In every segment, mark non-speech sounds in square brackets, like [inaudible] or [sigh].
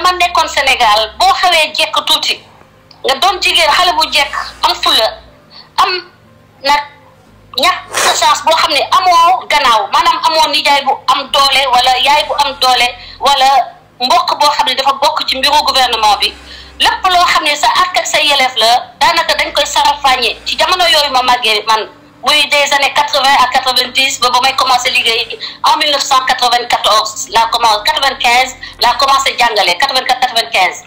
dama nekkoon Sénégal boo xawee jekk tuuti nga doon jigéen xale bu jekk am fula am nag ñàkk sa chance boo xam ne amoo gannaaw maanaam amoo nijaay bu am doole wala yaay bu am doole wala mbokk boo xam ne dafa bokk ci mbiru gouvernement bi lépp loo xam ne sa àq sa yeleef la daanaka dañ koy sarafañe ci jamono yooyu ma màggee man muy dee années quatre-vingt à quatre-vingt-dix ba ba may commencé liggéey en mille neuf cent quatre-vingt-quatorze laa commencé quatre-vingt-quinze laa commencé jàngale quatre-vingt-quatre quatre-vingt-quinze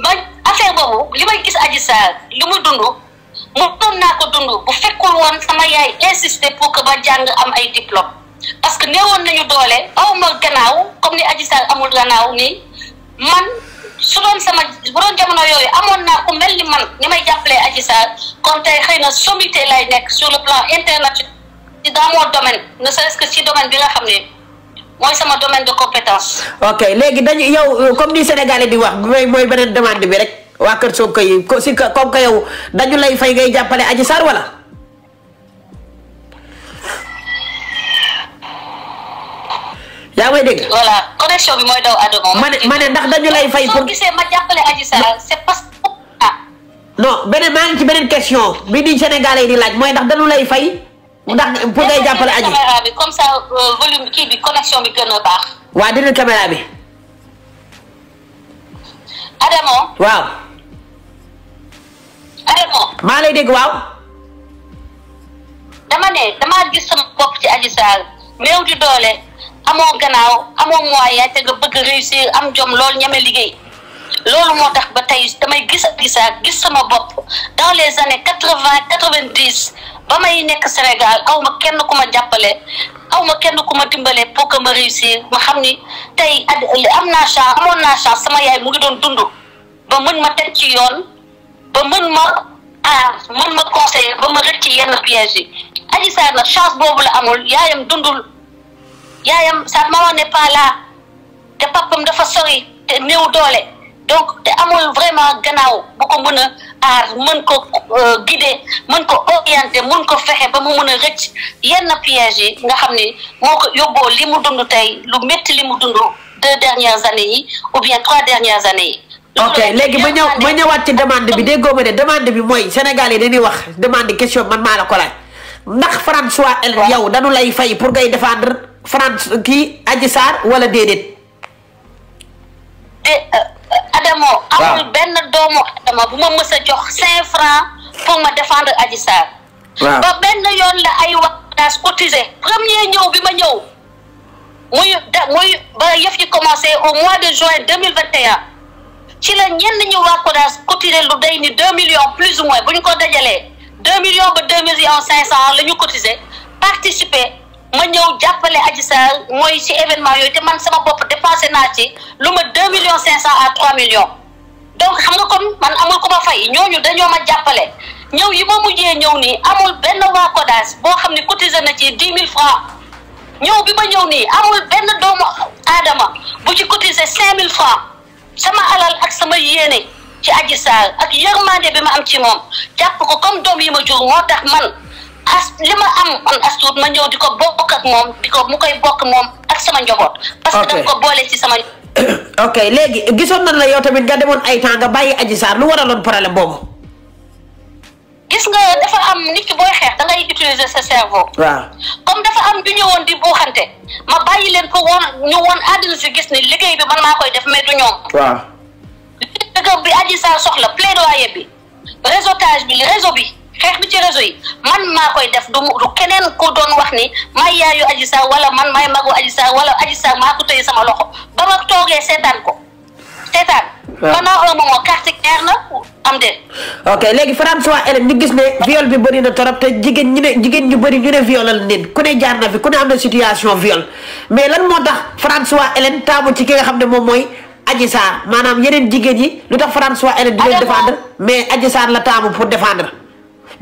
ma affaire boobu li may gis Adji Sarr li mu dund mu doon naa ko dund bu fekkul woon sama yaay insister pour que ba jàng am ay diplôme parce que néewoon nañu doole aw ma gannaaw comme ni Adji Sarr amul gannaaw nii man su doon sama bu doon jamono yooyu amoon naa ku mel ni man ni may jàppalee Adji Sarr kon tey xëy na sommité lay nekk sur le plan international ci dans mon domaine na serait-ce que domaine bi la xam ne mooy sama domaine de compétence. ok léegi dañu yow comme ni Sénégalais di wax mooy mooy beneen demande bi rek waa Kër Sonko yi ko si comme que yow dañu lay fay ngay jàppale Adji Sarr wala. yaa may dégg. bi mooy daw Adama. ma ne ma ne ndax dañu lay fay soo gisee ma jàppale Adji c'est parce que ah. non beneen maa ngi ci beneen question bi di Sénégalais di laaj mooy ndax dañu lay fay. ndax pour ngay jàppale Adji. bi comme ça euh, volume kii bi connexion bi gën a baax. waa dina caméra bi. Adamo. waaw. Adamo. maa lay dégg waaw. dama ne damaa gis sama bopp ci Adji Sarr di doole. amoo gannaaw amoo moyen te nga bëgg réussir am jom loolu ñeme liggéey loolu moo tax ba tey damay gis a gisaa gis sama bopp dans les années quatre vingt quatre vingt dix ba nekk Sénégal aw ma kenn ku ma jàppale aw ma kenn ku ma dimbale pour que réussir ma xam ni tey am naa chance amoon naa chance mu ngi doon dund ba ma teg ci yoon ba mën ma ah, ma conseiller ba ma rëcc yenn pièges yi Adji Sarr chance boobu la amul yaayam dundul yaayam sa maman n'est pas là te papam dafa sori te néew doole donc te amul vraiment gannaaw bu ko mën a aar mën ko euh, guider mën ko orienter mën ko fexe ba mu mën a rëcc yenn piège yi nga xam ne moo ko yóbboo li mu dund tey lu métti li mu dund deux dernières années yi ou bien trois dernières années yi. ok léegi ma ñëw ma ñëwaat ci demande bi de ma ne demande bi mooy Sénégal yi dañuy wax demande question man maa la ko laaj ndax François Hélène yow dañu lay fay pour ngay défendre. France kii Adji Sarr wala déedéet. Eh, euh, euh, Adamo ah. amul benn doomu Adama bu ma mës a jox cinq francs pour ma défendre Adji Sarr. waaw ba benn yoon la ay waxtaan cotisé premier ñëw bi ma ñëw muy da muy ba yëf yi commencé au mois de juin deux mille vingt et un ci la ñenn ñu waa CODAS cotisé lu day ni deux millions plus ou moins bu ñu ko dajalee deux millions ba deux millions cinq cent lañu cotiser cotisé participer. ma ñëw jàppale Adji Sarr mooy ci événement yooyu te man sama bopp dépensé naa ci lu ma deux millions cinq cent à trois millions donc xam nga kon man amul ku ma fay ñooñu dañoo ma jàppale ñëw yi ma mujjee ñëw nii amul benn waa CODAS boo xam ne cotisé na ci dix mille francs ma ñëw nii amul benn doomu aadama bu ci cotisé cinq mille francs sama alal ak sama yéene ci Adji Sarr ak yërmande bi ma am ci moom jàpp ko comme doom yi ma jur moo tax man as li ma am man as tuut ma ñëw di ko bokk ak moom di ko mu koy bokk moom ak sama njaboot. parce que dama ko boole ci sama. [coughs] ok léegi gisoon nañ la yow tamit nga demoon ay temps nga bàyyi Adji Sarr lu waraloon problème boobu. gis nga dafa am nit ki booy xeex da ngay utiliser sa cerveau. waaw comme dafa am du ñëwoon di buuxante ma bàyyi leen ko woon ñu woon àddina si gis ni liggéey bi man maa koy def mais du ñoom. waaw. li dëgg bi Adji Sarr soxla plaidoyer bi réseautage bi réseau bi. xeex bi ci réseau yi man maa koy def du du keneen ku doon wax ni may yaayu Adji Sarr wala man may magu Adji Sarr wala Adji Sarr maa ko tëye sama loxo ba ma toogee ko seetaan. waaw pendant un moment carte claire na am déet. ok léegi François Hélène ñu gis ne viol bi bëri na torop te jigéen ñu jigéen ñu bëri ñu ne violal nit ku ne jaar na fi ku ne mais lan moo tax François Hélène taamu ci ki nga xam ne moom mooy. Adji Sarr maanaam yeneen jigéen yi lu tax François Hélène di leen mais Adji Sarr la taamu pour défendre.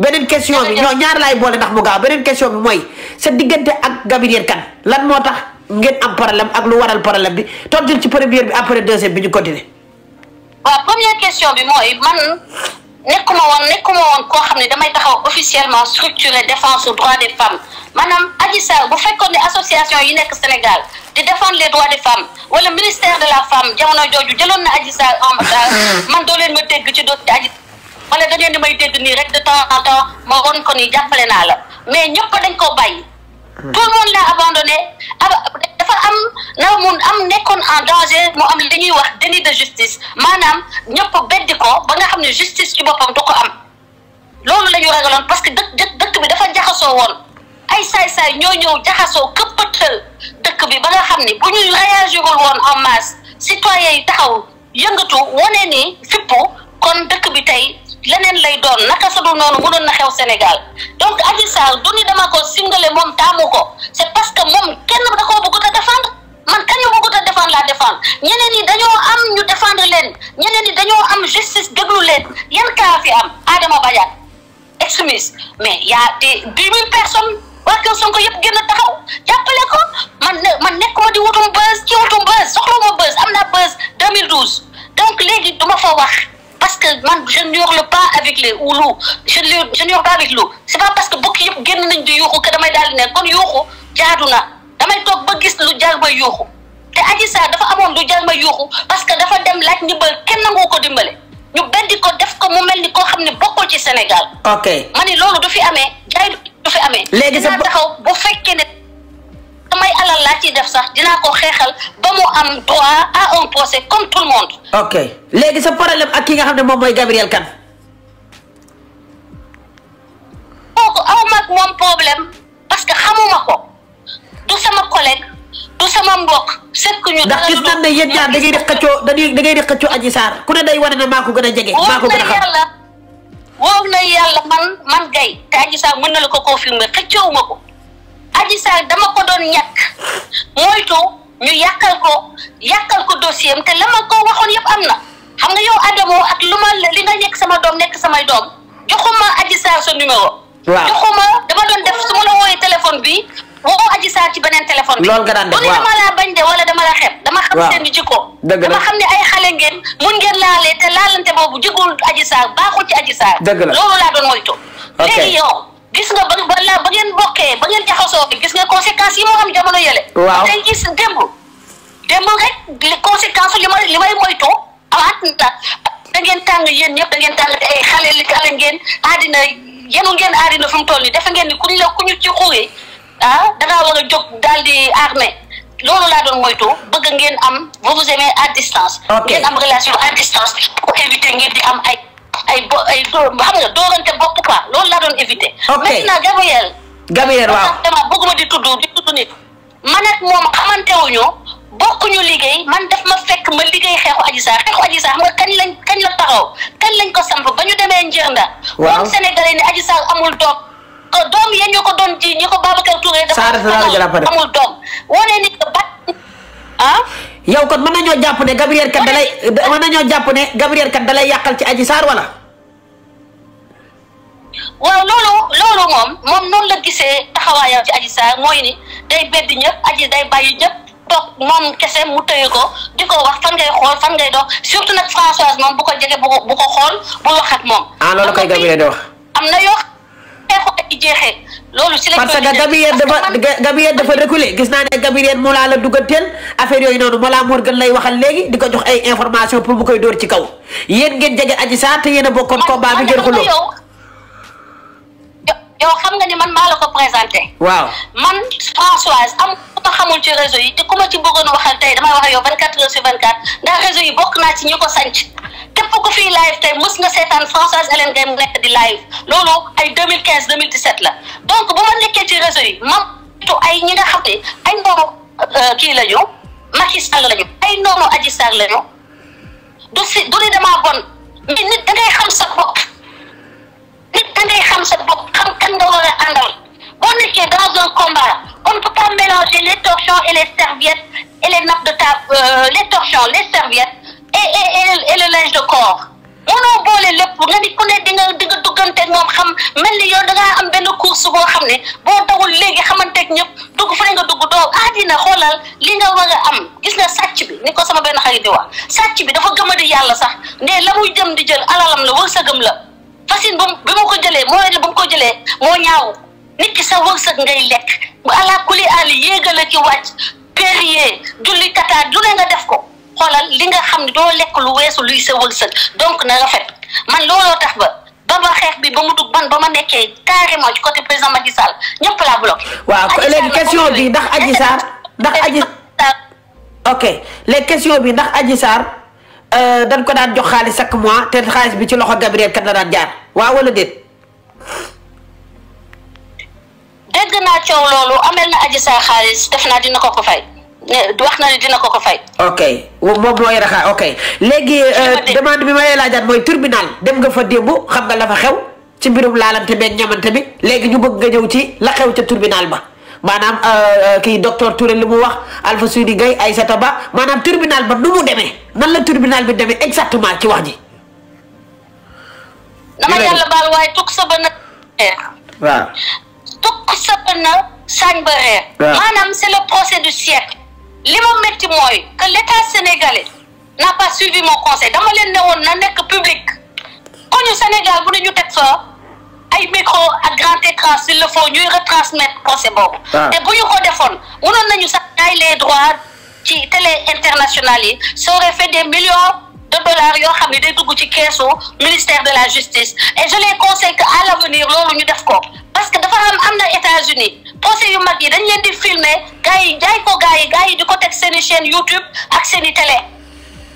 beneen question bi ñoo ñaar laay boole ndax mu gaaw beneen question bi mooy sa diggante ak Gabrielle Kane lan moo tax ngeen am problème ak lu waral problème bi tontul ci première bi après deuxième bi ñu continuer. waaw première question bi mooy man nekkuma woon nekkuma woon koo xam ne damay taxaw officiellement structuré défense aux droits des femmes maanaam Adji Sarr bu fekkoon ne association yi nekk Sénégal di défendre les droits des femmes wala ministère de la femme jamono jooju jëloon na Adji Sarr en man doo leen ma dégg ci dossier Adji wala da ngeen di may dégg nii rek de temps en won ko nii jàppale naa la mais ñëpp dañ koo bàyyi. tout le monde l'a abandonné dafa am na mun am nekkoon en danger mu am li ñuy wax déni de justice maanaam ñëpp beddi ko ba nga xam ne justice ci boppam du ko am loolu la ñu ragaloon parce que dëkk dëkk bi dafa jaxasoo woon ay saay-saay ñoo ñëw jaxasoo këppatal dëkk bi ba nga xam ni bu ñuy réagirul woon en masse citoyens yi taxaw yëngatu wane ni fippu kon dëkk bi tey leneen lay doon naka su dul noonu na xew Sénégal donc Adji Sarr du ni dama ko singale moom taamu ko c'est parce que moom kenn da koo bëggut a défendre man kañu bëggut a défendre laa défendre ñeneen ñi dañoo am ñu défendre leen ñeneen ñi dañoo am justice déglu leen yan kaa fi am Adama Badiane ex mais y a des dix mille Sonko yëpp génn taxaw jàppale ko man nekkuma di wutum buzz ci wutum buzz soxla ma buzz am naa buzz 2012 donc léegi duma fa wax. que man je ne hurle pas avec les ou loup je ne je ne hurle pas avec loup c'est pas parce que bokk yëpp génn nañ di yuuxu que damay daal ne kon yuuxu jaadu damay toog ba gis lu jar may yuuxu te Adji Sarr dafa amoon lu jar may yuuxu parce que dafa dem laaj ndimbal kenn nangu ko dimbale ñu beddi ko def ko mu mel ni koo xam ne bokkul ci Sénégal. ok ma ni loolu du fi amee jaay du fi amee. léegi sa taxaw bu fekkee ne. samay alal laa ciy def sax dina ko xeexal ba mu am droit à un procès comme tout le monde. ok léegi sa problème ak ki nga xam ne moom mooy Gabriel Kane. kooku aw mag moom problème parce que xamuma ko du sama collègue du sama mbokk. sekk ñu ndax gis nañ ne yéen ñaar da ngay def xëccoo da ngay def xëccoo ku ne day wane ne gën a jege. maa gën a xam wóor man gay te Adji Sarr mën na la ko confirmer xëccoowuma ko. Adji Sarr dama ko doon ñàkk moytu ñu yàqal ko yàqal ko dossier am te la ko waxoon yëpp am na xam nga yow Adamo lu ma li nga nekk sama doom nekk samay doom joxuma sa numéro. waaw joxuma dama doon def su ma la wooyee téléphone bi woo Adji Sarr ci beneen téléphone bi. loolu la doon moytu. léegi yow. gis nga ba balaa ba ngeen bokkee ba ngeen jaxasoo gis nga conséquences yi moo xam jamono yële. waaw tey gis démb. démb rek li conséquence li may li may moytu amaat na da ngeen tàng yéen ñëpp da ngeen tàng ay xale li xale ngeen aadina yenu ngeen aadina fi mu toll nii defe ngeen ni kuñ la kuñu ci xuri ah dangaa war a jóg daal di armé loolu laa doon moytu bëgg ngeen am vous vous aimez à distance. ngeen am relation à distance pour éviter ngeen di am ay. ay bo ay xam nga doorante bopp quoi loolu laa doon éviter. ok maintenant Gabriel. Gabriel waaw dama bëgguma di tudd di tudd nit. man ak moom xamante bokkuñu liggéey man daf ma fekk ma liggéey xeexu Adji Sarr xeexu Adji Sarr xam nga kañ lañ kañ la taxaw kañ lañ ko samp ba ñu demee Njërnda. waaw moom Sénégalais ne Adji Sarr amul doom. ko doom ya ñu ko doon ji ñi ko Babacar Touré. dafa amul doom wane ni que ah yow kon mën nañoo jàpp ne Gabriel kat dalay mën nañoo jàpp ne Gabriel kat dalay yàqal ci Adji Sarr wala. waaw loolu loolu moom moom noonu la gisee taxawaayam ci Adji Sarr mooy ni day bedd ñëpp Adji day bàyyi ñëpp toog moom kese mu tëye ko di ko wax fan ngay xool fan ngay dox surtout nag Françoise moom bu ko jege bu ko bu ko xool bu waxat moom. ah koy Gabriel di am na yoo loolu si la parce que Gabriel dafa Gabriel dafa reculer gis naa ne Gabriel Mollah la dugganteel affaire yooyu noonu Mollah Morgun lay waxal léegi di ko jox ay information pour bu koy door ci kaw yéen ngeen jege Adji Sarr te yéen a bokkoon combat bi ngeen xuloo yow xam nga ni man maa la ko présenté. waaw man Françoise am ku xamul ci réseau yi te ku ma ci bëggoon waxal tey damay wax yow 24 heures sur 24 ndax réseau yi bokk naa ci ñu ko sanc képp ku fii live tey mës nga seetaan Françoise Hélène Gaye mu nekk di live loolu ay 2015 2017 la donc bu ma nekkee ci réseau yi mam ay ñi nga xam ne ay ndoomu euh, kii la ñu Macky Sall la ñu ay ndoomu Adji Sarr la ñu du si du ni damaa bon dangay xam sa bopp xam kan nga war a àndal boo nekkee dans un combat on ne peut pas mélanger les torchons et les le linge de corps mënoo nga ni ku ne di nga di nga dugganteeg moom xam mel ni yow dangaa am benn course boo xam ne boo dawul léegi xamanteeg ñëpp dugg fa nga dugg doo aadina ah, xoolal li nga war a am gis nga sàcc bi ni ko sama benn xarit di wax sàcc bi dafa gëma di yàlla sax ne la muy dem di jël alalam la wërsëgam la. vaccine bu bi mu ko jëlee moo ne bu ko jëlee moo ñaaw nit ki sa wërsëg ngay lekk bu ala kuli ali yéegal a ki wàcc périer julli kataar du ne nga def ko xoolal li nga xam ne doo lekk lu weesu luy sa wërsëg donc na rafet man looloo tax ba ba ba xeex bi ba mu dugg man ba ma nekkee carrément ci côté président Macky Sall ñëpp laa bloqué. waaw léegi question bi ndax aji Sarr ndax Adji ok léegi question bi ndax Adji Sarr Euh, dañ ko daan jox xaalis chaque mois te xaalis bi ci loxo Gabriel kat daan jaar waaw wala déet. dégg naa coow loolu amel na aji saa xaalis def naa dina ko ko fay. wax na ne dina ko ko fay. ok moom moo yore xaalis ok léegi. Euh, demande bi ma lay laajaat mooy tribunal dem nga fa démb xam nga la fa xew ci mbirum laalante beeg ñamante bi léegi ñu bëgg nga ñëw ci la xew ca turbinal ba. maanaam euh, euh, kii docteur Touré li mu wax Alpha Seydi Gaye Aïssata Ba maanaam tribunal ba nu mu demee nan la tribunal bi demee exactement ci wax ji. dama yàlla baal waaye tukk sa ba na reer. waaw tukk na sañ ba reer. maanaam c'est le procès du siècle. li ma métti mooy que l'État sénégalais n'a pas suivi conseil dama leen ne woon na nekk public. koñu Sénégal bu ne ñu teg fa. ay micro ak grand écran s'il le faut ñuy retransmettre procès boobu. Ah. te bu ñu ko defoon mënoon nañu sax jaay les droits ci télé internationale yi ça aurait fait des millions de dollars yoo xam ne day dugg ci keesu ministère de la justice et je les conseille que à l'avenir loolu ñu def ko parce que dafa am am na États-Unis procès yu mag yi dañ leen di filmer gars yi jaay ko gars yi di ko teg seeni chaîne YouTube ak seeni télé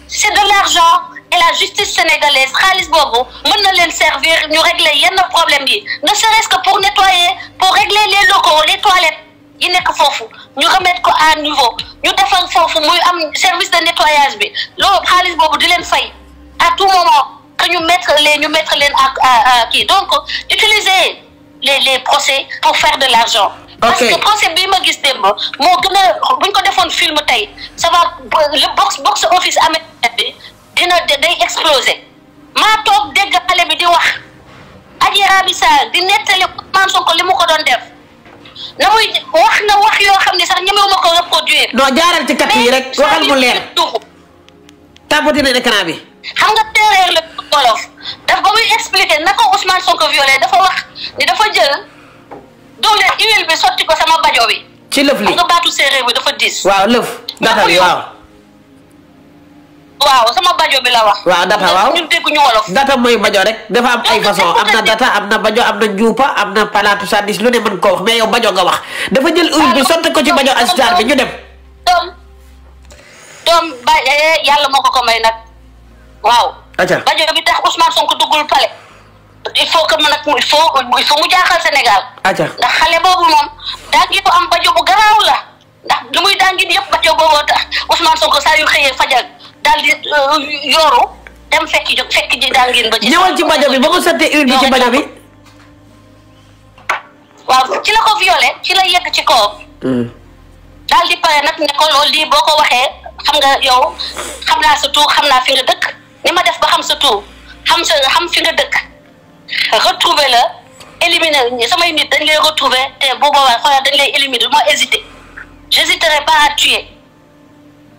c'est de l'argent et la justice sénégalaise xaalis boobu mën na leen servir ñu régler yenn problème yi ne serait-ce que pour nettoyer pour régler les locaux les toilettes yi nekk foofu ñu remettre ko à niveau ñu defar foofu muy am service de nettoyage bi loolu xaalis boobu di leen fay à tout moment que ñu mettre les ñu mettre leen à kii donc utiliser les les procès pour faire de l'argent parce que procès bii ma gis démb moo gën a bu ñu ko defoon film tey ça va le box box office américain dina day exploser maa toog dégg xale bi di wax Adji Raby Sarr di nettali Ousmane ko li mu ko doon def na muy wax na wax yoo xam ne sax ñemewu ma ko reproduire. non jaaral ci kat yi rek waxal mu leer taabati na écran bi. xam nga teereer la wolof daf ba muy expliquer naka Ousmane Sonko violé dafa wax ni dafa jël doole huile bi sotti ko sama bajo bi. ci lëf li nga baatu séeréer bi dafa diis. waaw lëf. waaw. waaw sama bajo bi la wax. waaw waaw ñun dégg ñu wolof. data mooy bajo rek dafa am ay façon am na data am na bajo am na njuupa am na palaatu sandis lu ne mën koo wax mais yow nga wax dafa jël huile bi ko ci bajo astar bi ñu dem. doom ko ko may waaw. acca bajo bi tax Ousmane Sonko duggul pale il faut que man ak il faut il faut mu jaaxal Sénégal. acca ndax xale boobu moom daa ngi am bajo bu garaaw la ndax lu yëpp bajo booboo tax Ousmane Sonko saa yu xëyee fajal. daal di euh, yooru dem fekk jóg fekk ji daal ngeen ba. ci ñëwal ci bajo bi ba mu sottee urne bi ci bajo bi. waaw ci la ko violé ci la yegg ci kawam. Hmm. daal di pare nag ne ko loolu lii boo ko waxee xam nga yow xam naa sa tur xam naa fi nga dëkk ni ma def ko xam sa tur xam sa xam fi nga dëkk retrouver la éliminer samay nit dañ lay retrouver te bu boobaa xoolal dañ lay éliminer du ma hésité j'hésiterai pas à tuer.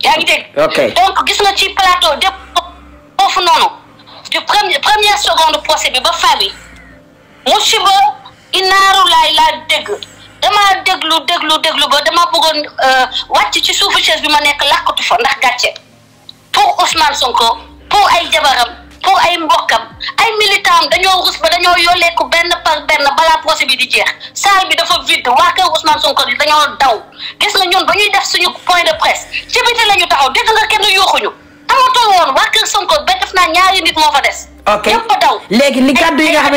yaa ngi dégg. donc gis nga ci plateau de foofu noonu du premier première seconde procès bi ba fin bi musiba inaaru laay laa dégg damaa déglu déglu déglu ba dama bëggoon euh, wàcc ci suufu chaise bi ma nekk làkkatu fa ndax gàcce pour Ousmane Sonko pour ay jabaram. moom ay mbokkam ay militant dañoo rus ba dañoo yolleeku benn par benn balaa procès bi di jeex salle bi dafa vide waa kër Ousmane Sonko yi dañoo daw gis nga ñun ba ñuy def suñu point de presse ci biti la ñu taxaw dégg nga kenn yuuxuñu amatul woon waa kër Sonko ba def naa ñaari nit moo fa des. ok ñëpp daw léegi li kaddu yi nga xam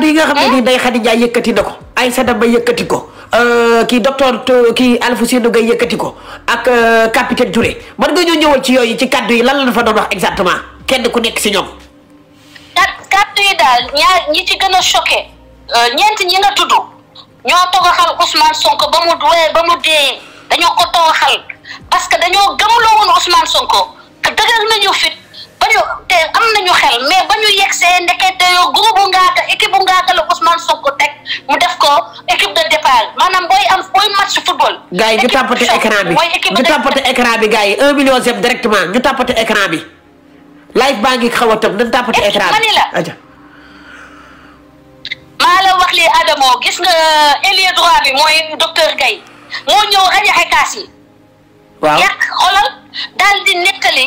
ni ñëpp ni day Khady yëkkati na ko Aïssata Ba yëkkati ko. Euh, kii docteur kii Alfousseynou Gaye yëkkati ko ak euh, capitaine Touré man nga ñoo ñëwal ci yooyu ci kàddu yi lan la fa doon exactement kenn ku nekk si ñoom. kaddu yi daal ñaar ñi ci gën a choqué euh, ñeent ñi nga tudd ñoo togaxal Ousmane Sonko ba mu wee ba mu dee dañoo ko togaxal parce que dañoo gëmloo woon Ousmane Sonko dëgër nañu fit. ba ñu te am nañu xel mais ba ñu yegsee ndekete yoo groupe Ngaaka équipe bu Ngaaka la Ousmane Sonko teg mu def ko équipe de départ maanaam booy am booy match football. gars yi ñu écran bi ñu bi gars yi un million zeb directement ñu tàppate écran bi live baa ngi xaw a tëb nañ tàppate écran bi maa la wax lii Adamo gis nga ailier droit bi mooy docteur Gaye moo ñëw rajaxe kaas yi. waaw yàq xolal daal di nettali.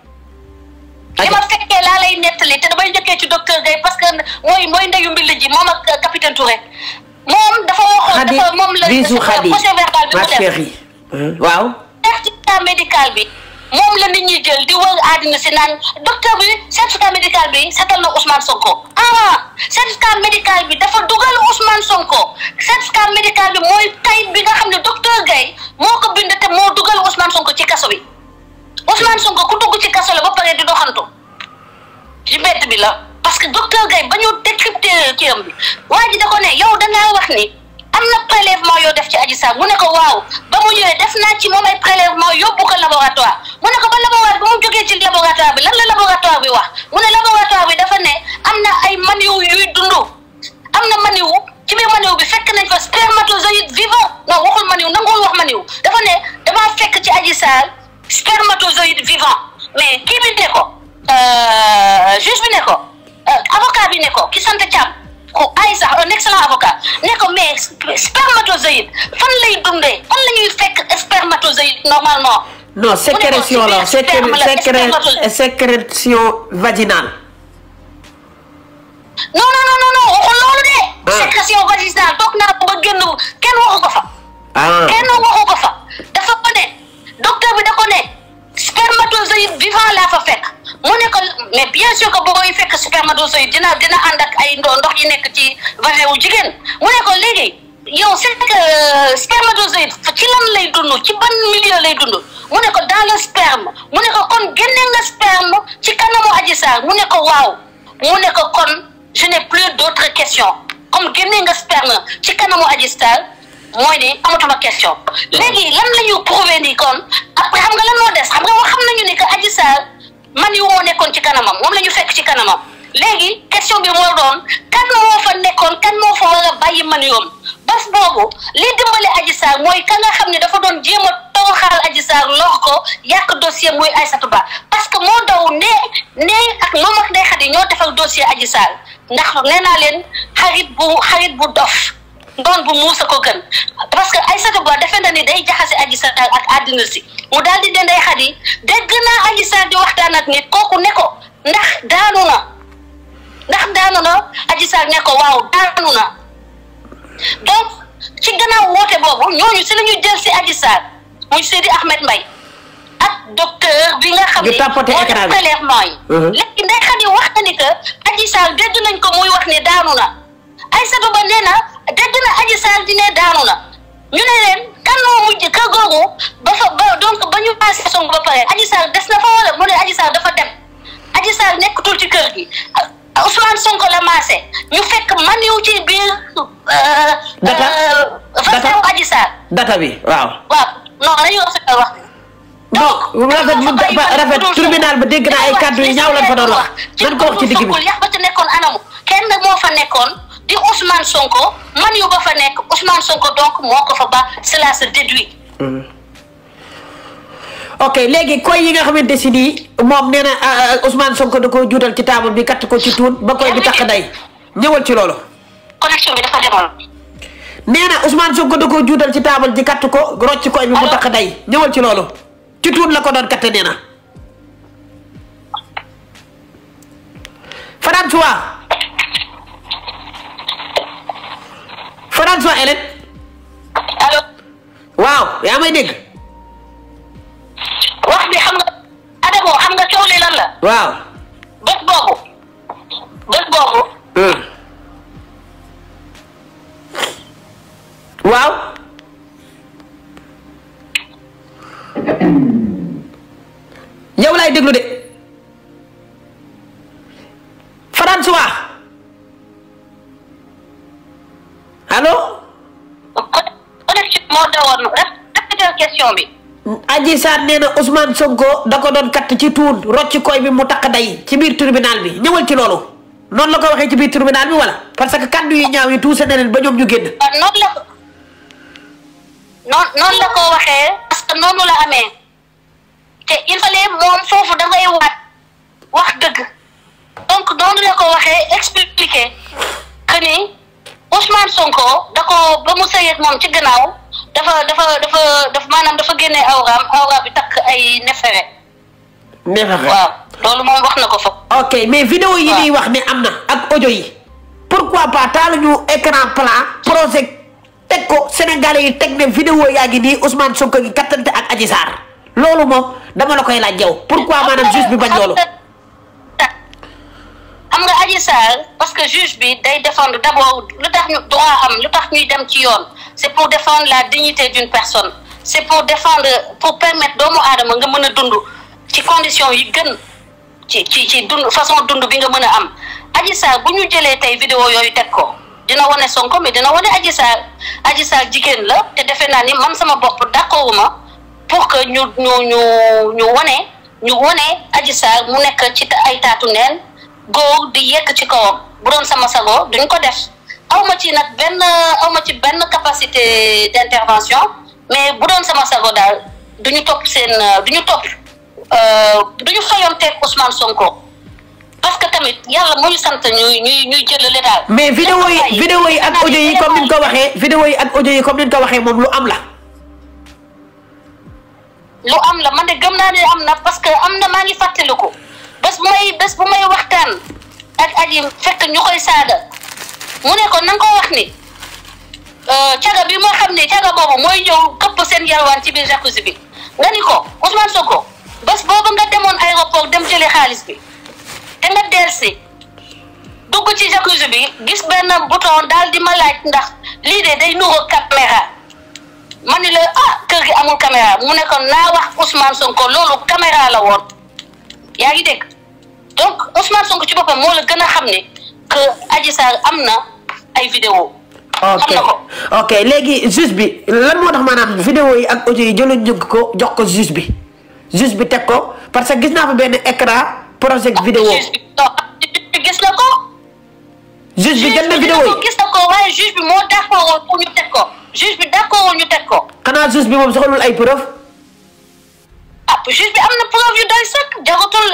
li ma fekkee laa lay nettali te damay njëkkee ci docteur Guèye parce que mooy mooy ndeyu mbind ji moom ak capitaine Touré. moom dafa waxoon moom la procès verbal bi mu def la nit ñi jël di wër àddina si naan docteur bi certificat médical bi setal na Ousmane Sonko ah certificat médical bi dafa dugal Ousmane Sonko certificat médical bi mooy kayit bi nga xam ne docteur Guèye moo ko bind te moo dugal Ousmane Sonko ci kaso bi. Ousmane Sonko ku dugg ci kaso la ba pare di doxantu ci bett bi la parce que docteur Gaye ba ñu décrypté ci am bi waa ji ko ne yow dangaa wax ni am na prélèvement yoo def ci Adji Sarr mu ne ko waaw ba mu ñëwee def naa ci moom ay prélèvement yóbbu ko laboratoire mu ne ko ba laboratoire ba mu jógee ci laboratoire bi lan la laboratoire bi wax mu ne laboratoire bi dafa ne am na ay maniw yuy dund am na maniw ci biir maniw bi fekk nañ fa spermatozoïde vivant non waxul spermatozoïde vivant mais kii bi ne ko euh, juge bi ne ko euh, avocat bi ne ko ki sant Thiam ku oh, ay sax avocat ne ko mais spermatozoïde fan lay dundee fan la ñuy fekk spermatozoïde normalement. non sécrétion la sécrétion vaginale. non non non non ah. sécrétion vaginale toog naa ba génn. mais bien sûr que boo koy fekk spermatozoïde dina dina ànd ak ay ndox yi nekk ci vagin wu jigéen mu ne ko léegi yow c'est que euh, spermatozoïde ci lan lay dund ci ban milieu lay dund mu ne ko dans le sperme mu ne ko kon génne nga sperme ci kanamu Adji Sarr mu ne ko waaw mu ne ko kon je n'ai plus d'autres questions comme génne nga sperme ci kanamu Adji Sarr mooy ni amatuma question mm-hmm. léegi lan la ñu ni kon après xam nga lan des xam nga wax nañu ni que Adji man moo nekkoon ci kanamam moom la ñu fekk ci kanamam léegi question bi moo doon kan moo fa nekkoon kan moo fa war a bàyyi man yoom bas boobu li dimbali Adji mooy ka nga xam ne dafa doon jéem a toroxaal Adji Sarr lor ko yàq dossier muy Aïssatou Ba parce que moo daw ne ne ak moom ak Ndeye Khady ñoo defal dossier Adji Sarr ndax nee naa leen xarit bu xarit bu dof doon bu sa ko gën parce que Aïssata Ba defe na ni day jaxase Adji Sarr ak àddina si mu daal di dendee xat yi dégg naa Adji di waxtaan ak nit kooku ne ko ndax daanu na ndax daanu na Adji Sarr waaw daanu na donc ci gannaaw woote boobu ñooñu si la ñu jël si Adji muy Seydi Ahmed Mbaye ak docteur bi nga xam ne uh-huh. ni que Adji Sarr dégg nañ ko muy wax ne daanu na Aïssata Ba nee na dégg na Adji Sarr di ne daanu na ñu ne leen kan moo mujj googu ba fa ba donc ba ñu passé song ba pare Adji Sarr des na fa wala mu ne Adji Sarr dafa dem Adji Sarr nekkatul ci kër gi ah, Ousmane Sonko la maase fekk man yu ci biir. Euh, data euh, data Adji Sarr data bi waaw. waaw non dañuy rafetal wax. donc rafet rafet ba dégg naa ay kàddu yu ñaaw lañ wax. dañ ko wax ci digg bi yax ba ci nekkoon anamu kenn moo fa nekkoon. di Ousmane Sonko man yu ba fa nekk Ousmane Sonko donc moo ko fa ba cela se déduit. Euh. ok léegi koy yi nga xamante si nii moom nee na euh, Ousmane Sonko da ko juutal ci taabal bi katt ko ci tuun ba bi tax day ñëwal ci loolu. connexion bi dafa demoon. nee na Ousmane juutal ci taabal ji katt ko rocc koy bi mu tax day ñëwal ci loolu ci tuun la ko doon katte nee na. François. François Hélène. allo. waaw yaa may dégg. wax bi xam nga. Adamo nga coow li lan la. waaw. bés boobu. bés boobu. Hmm. waaw. yow laay déglu de. François. allo. connexion moo dawoon répéter question bi. Adji Sarr nee na Sonko da ko doon katt ci tuun rocc koy bi mu taq day ci biir tribunal bi ñëwal ci loolu noonu la ko waxee ci biir tribunal bi wala parce que kàddu yi noonu la ko waxee parce que noonu la amee te il fallait moom foofu dafay wax dëgg donc noonu la ko waxee expliquer que Ousmane Sonko da ko ba mu sëyeeg moom ci gannaaw dafa dafa dafa dafa maanaam dafa génne awraam awra bi takk ay neefere. neefere waaw loolu moom wax na ko fa. ok mais vidéo yi ñuy wax ne am na ak audio yi. pourquoi pas taal ñu écran plan projet teg ko Sénégalais yi teg ne vidéo yaa ngi nii Ousmane Sonko gi kattante ak Adji Sarr loolu moom dama la koy laaj yow pourquoi maanaam juste bi bañ loolu. xam nga Adji Sarr parce que juge bi day défendre d' abord lu tax ñu droit am lu tax ñuy dem ci yoon c' est pour défendre la dignité d' une personne c' est pour défendre pour permettre doomu aadama nga mën a dund ci condition yi gën ci ci ci dund façon dund bi nga mën a am Adji Sarr bu ñu jëlee tey vidéo yooyu teg ko dina wane Sonko mais dina wane Adji Sarr aji Sarr jigéen la te defe naa ni man sama bopp d' ma pour que ñu ñu ñu ñu wane ñu wane Adji Sarr mu nekk ci ay taatu neen góow di yegg ci kawam bu doon sama sago duñ ko def aw ma ci nag benn aw ci benn capacité d'intervention mais bu doon sama sago daal duñu topp seen duñu topp euh, duñu fayonteeg Ousmane Sonko parce que tamit yàlla moo ñu sant ñuy ñuy ñuy jëlale daal. mais vidéo yi vidéo yi ak audio yi comme ni nga ko yi ak audio yi comme ni nga ko waxee moom lu am la. lu am la man de gëm naa ne am na parce que am na maa ngi fàttaliku. bés bu may bés bu may waxtaan ak Adji fekk ñu koy saaga mu ne ko na nga wax ni euh, caga bi moo xam ne caga boobu mooy ñëw këpp seen yalwaan ci biir jacuzzi bi nga ni ko Ousmane ko bés boobu nga demoon aéroport dem jëli xaalis bi te nga delsi dugg ci jacuzzi bi gis benn bouton daal di ma ndax lii de day nuroo caméra ma ni la ah kër gi amul caméra mu ne ko naa wax Ousmane Sonko loolu caméra la woon yaa ngi dégg donc Ousmane ko ci boppam moo la gën a xam ne que Adji Sarr am na ay vidéo ok ok léegi juge bi lan moo tax maanaam vidéo yi ak audio yi jëluñ ñu ko jox ko juge bi juge bi teg ko parce que gis naa fa benn écran projet vidéo gis na ko juge bi jël na vidéo yi gis na ko waaye juge bi moo d'accord pour ñu teg ko juge bi d'accord ñu teg ko xanaa juge bi moom soxalul ay preuve ah juge bi am na preuve yu doy sax jarutul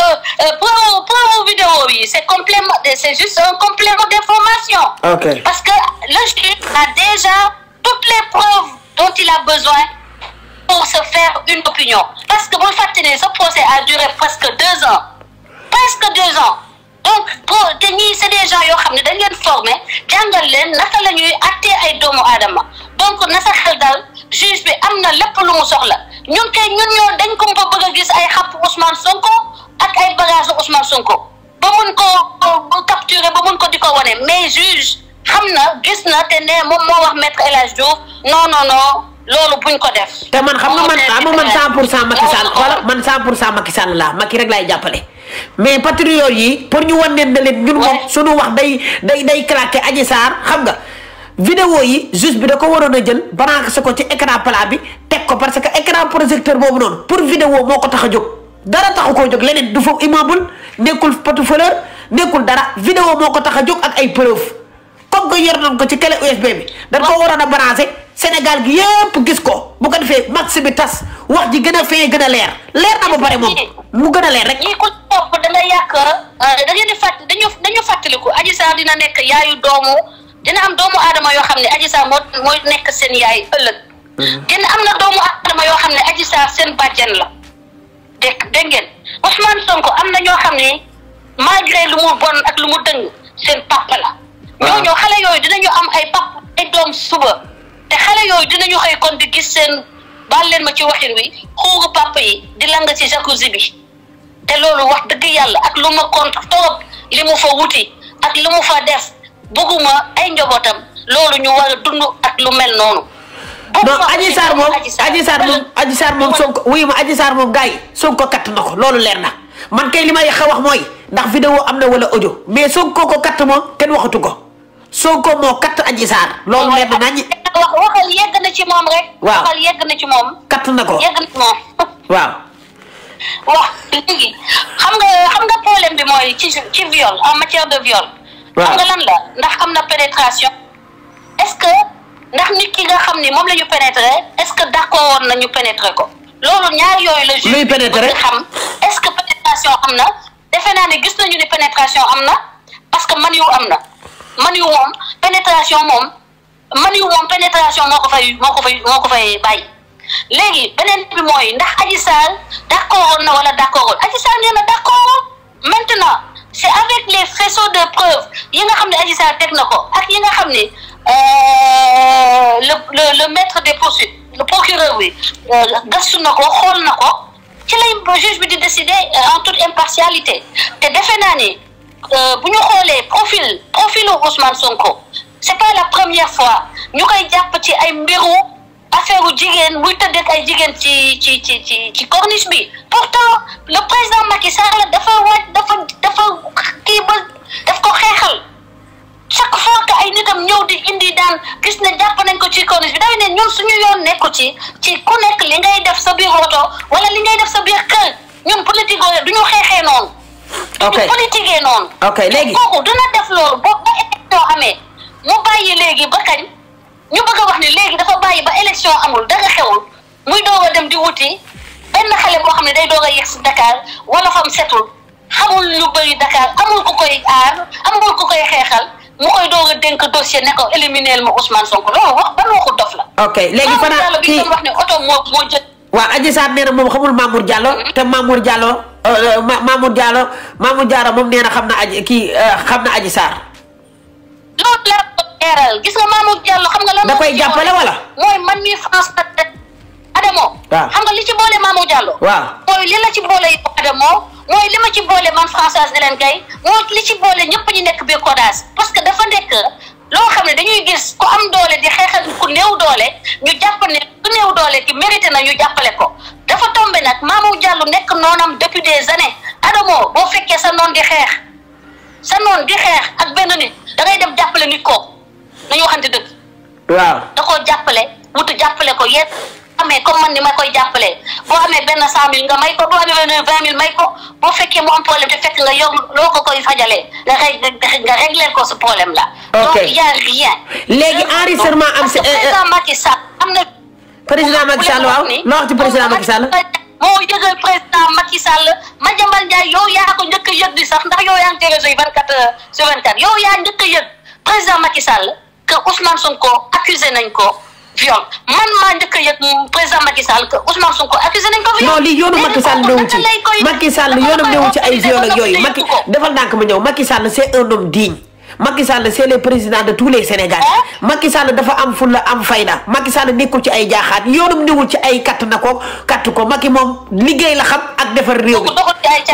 preuve preuve vidéo yi c' est complément c' est juste un complément d' parce que le juge a déjà toutes les preuves dont il a besoin pour se faire une opinion parce que bul fàtte ne ce procès a duré presque deux ans presque deux ans donc pour te ñii c' est des yoo xam ne dañ leen formé jàngal leen naka la ñuy àttee ay doomu aadama donc na sa xel daal la bi am na ñun kay ñun ñoo dañ ko ba bëgg a gis ay xàpp Ousmane Sonko ak ay bagage Ousmane Sonko ba mun ko capturer ba mun ko di ko wane mais juge xam na gis na te ne moom moo wax maître El Hadj Diouf non non loolu buñ ko def. te man xam nga man xam man 100 pour cent Macky Sall man 100 pour cent Macky Sall laa Macky rek laay jàppale. mais patriote yi pour ñu wan leen ne leen. ñun moom suñu wax day day day aji Adji xam nga. vidéo yi juste bi da ko waroon a jël branché ko ci écran plat bi teg ko parce que écran projecteur boobu noonu pour vidéo moo ko tax a jóg dara taxu koo jóg leneen du fa immeuble nekkul portefeuille nekkul dara vidéo moo ko tax a jóg ak ay preuve comme ko yor nañ ko ci clé USB bi dañ ko waroon a branché Sénégal gi yëpp gis ko bu ko defee max bi tas wax ji gën a fee gën a leer leer na ba pare moom mu gën a leer rek. ñii ko topp dana yàq euh, da ngeen di fàtt dañoo dañoo fàttaliku Adji Sarr dina nekk yaayu doomu. dina am doomu aadama yoo xam ne Adji Sarr moo nekk seen yaay ëllëg mm-hmm. dina am na doomu aadama yoo xam ne Adji Sarr seen bàjjen la dégg dégg ngeen Ousmane Sonko am na ñoo xam ne malgré lu mu bon ak lu mu dëng seen papa la ah. ñooñu xale yooyu dinañu am ay papa ay doom suba te xale yooyu dinañu xëy kon di gis seen baal leen ma ci waxin wi xuugu papa yi di lang ci jacuzzi bi te loolu wax dëgg yàlla ak lu ma contre torop li mu fa wuti ak lu mu fa des bëgguma ay njabootam loolu ñu war a dund ak lu mel noonu. non Adji Sarr moom Adji Sarr moom Adji Sarr moom Sonko ma Adji Sarr moom gars yi Sonko katt na ko loolu leer na man kay li may xa wax mooy ndax vidéo am na wala audio mais Sonko ko katt moom kenn waxatu ko Sonko moo katt Adji Sarr loolu leer na nañ wax waxal yegg na ci moom rek waaw waxal na ci moom katt na ko yegg na ci [laughs] waaw waaw léegi xam nga xam nga problème bi mooy ci ci viol en matière de viol xam nga la ndax am na pénétration est-ce que ndax nit ki nga xam ni moom la ñu pénétré est-ce que d'accord woon na ñu pénétré ko loolu ñaar yooyu la juge luy pénétré xam est-ce que pénétration am na defe naa ne gis nañu ni pénétration am na parce que man yu am na man yu moom pénétration moom man yu moom pénétration moo ko fay moo ko fay moo ko fay bàyyi léegi beneen bi mooy ndax Adji Sarr d'accord woon na wala d'accord woon Adji Sarr nee na d'accord maintenant c'est avec les faisceaux de preuves yi nga xam ne Adji Sarr teg na ko ak yi nga xam ne euh, le le le maître des poursuites le procureur bi euh, gëstu na ko xool na ko ci lay juge bi di décider euh, en toute impartialité te defe naa ni bu ñu xoolee profil profilu Ousmane Sonko c'est pas la première fois ñu koy jàpp ci ay mbiru. affaire jigéen muy tëddeeg ay jigéen ci ci ci ci ci corniche bi pourtant le président Macky Sall dafa waaj dafa dafa kii ba daf ko xeexal chaque fois ay nitam ñëw di indi daan gis ne jàpp nañ ko ci corniche bi day ne ñun suñu yoon nekku ci ci ku nekk li ngay def sa biir oto wala li ngay def sa biir kër ñun politique yooyu du ñu xeexee noonu. ok du politique noonu. ok léegi kooku dina def loolu boo ba élection amee mu bàyyi léegi ba kañ. ñu bëgg a wax ni léegi dafa bàyyi ba élection amul dara xewul muy doog a dem di wuti benn xale boo xam ne day doog a yegg si Dakar wala fam setul xamul ñu bëri Dakar amul ko koy aar amul ku koy xeexal mu koy doog a dénk dossier ne ko éliminer ma Ousmane Sonko loolu wax ban waxu dof la. ok léegi fanaa wax ne oto moo moo jël. waaw Adji Sarr nee na moom xamul Mamour Diallo. Mm-hmm. te Mamour Diallo euh, euh, Mamour Diallo Mamour Diallo moom nee na xam na aj kii euh, xam na aji Sarr. eeral gis nga Mamour Diallo xam nga lan. da koy jàppale wala. mooy man mii France Adamo. waaw xam nga li ci boole Mamour Diallo. waaw mooy li la ci boole yow Adamo. mooy li ma ci boole man Françoise di leen gay mooy li ci boole ñëpp ñu nekk bi codage parce que dafa nekk loo xam ne dañuy gis ku am doole di xeexal ku new doole ñu jàpp ne ku néew doole ki na ñu jàppale ko dafa tombé nag Mamour Diallo nekk noonam depuis des années Adamo boo fekkee sa noon di xeex sa noon di xeex ak benn nit da dem jàppale nit nañu waxante dëgg. waaw da koo jàppale wutu jàppale ko yéen amee comme man ni ma koy jàppalee boo amee benn cent mille nga may ko boo amee benn vingt mille may ko boo fekkee mu am problème te fekk nga yow loo ko koy fajalee nga nga réglé ko su problème la. ok donc y a rien. léegi enregistrement am si. Euh, président Macky na. président Macky Sall waaw ma wax ci président Macky Sall. moo yow yaa ko njëkk a yëg di sax ndax yow yaa ngi ci réseau yi vingt quatre sur vingt quatre yow yaa njëkk a yëg président Sall. que Ousmane Sonko accusé nañ ko viol man maa njëkk a yëg président Macky Sall que Ousmane Sonko accusé nañ ko viol. non li yoonu Macky Sall newu ci Macky Sall yoonam newu ci ay viol ak yooyu Macky defal ndànk ma ñëw Macky Sall c'est un homme Sall c'est le président de tous les Sénégalais Macky Sall dafa am la am fayda Macky Sall nekkul ci ay jaaxaat yoonum newul ci ay katt na ko katt ko Macky moom liggéey la xam ak defar réew mi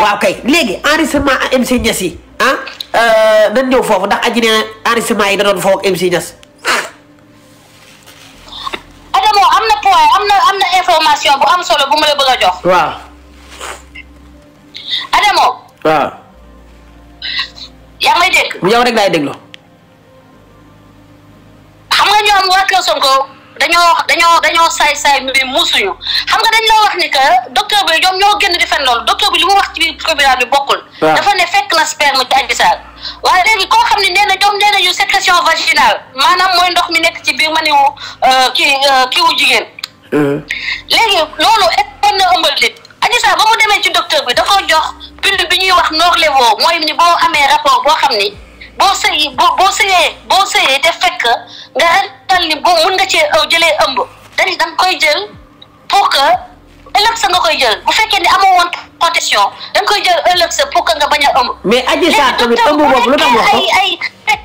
waaw kay léegi enregistrement AMC Niass yi ah nan euh, ñëw foofu ndax aji ne enregistrement yi da doon foofu ak MC Niass. Adamo am na point am na am bu am solo bu ma la bëgg a jox. waaw. Adamo. waaw. yaa may dégg. yow rek laay déglu. xam nga ñoom waa Kër Sonko. dañoo dañoo dañoo saay saay mais musuñu xam nga dañ la wax ni que docteur bi ñoom ñoo génn di fen loolu docteur bi li mu wax ci dafa ne fekk na sperme ci Adji Sarr. waaye léegi koo xam ne nee na ñoom nee nañu sécrétion vaginale maanaam mooy ndox mi nekk ci biir maniwu euh, kii euh, kii wu jigéen. Euh. léegi loolu est ce na ëmbal nit Adji ba mu demee ci docteur bi dafa jox pilule bi ñuy wax Norlevo mooy ni boo amee rapport boo xam ni. boo sëyi boo boo sëyee boo sëyee te fekk nga rental ni boo mun nga cee ëw euh, jëlee ëmb dañu da nga koy jël pour que ëllëg nga koy jël bu fekkee ne amoo woon protection da nga koy jël ëllëg sa pour que nga bañ a ëmb. mais Adji Sarr tamit ëmb boobu lu tax wax ko ay ay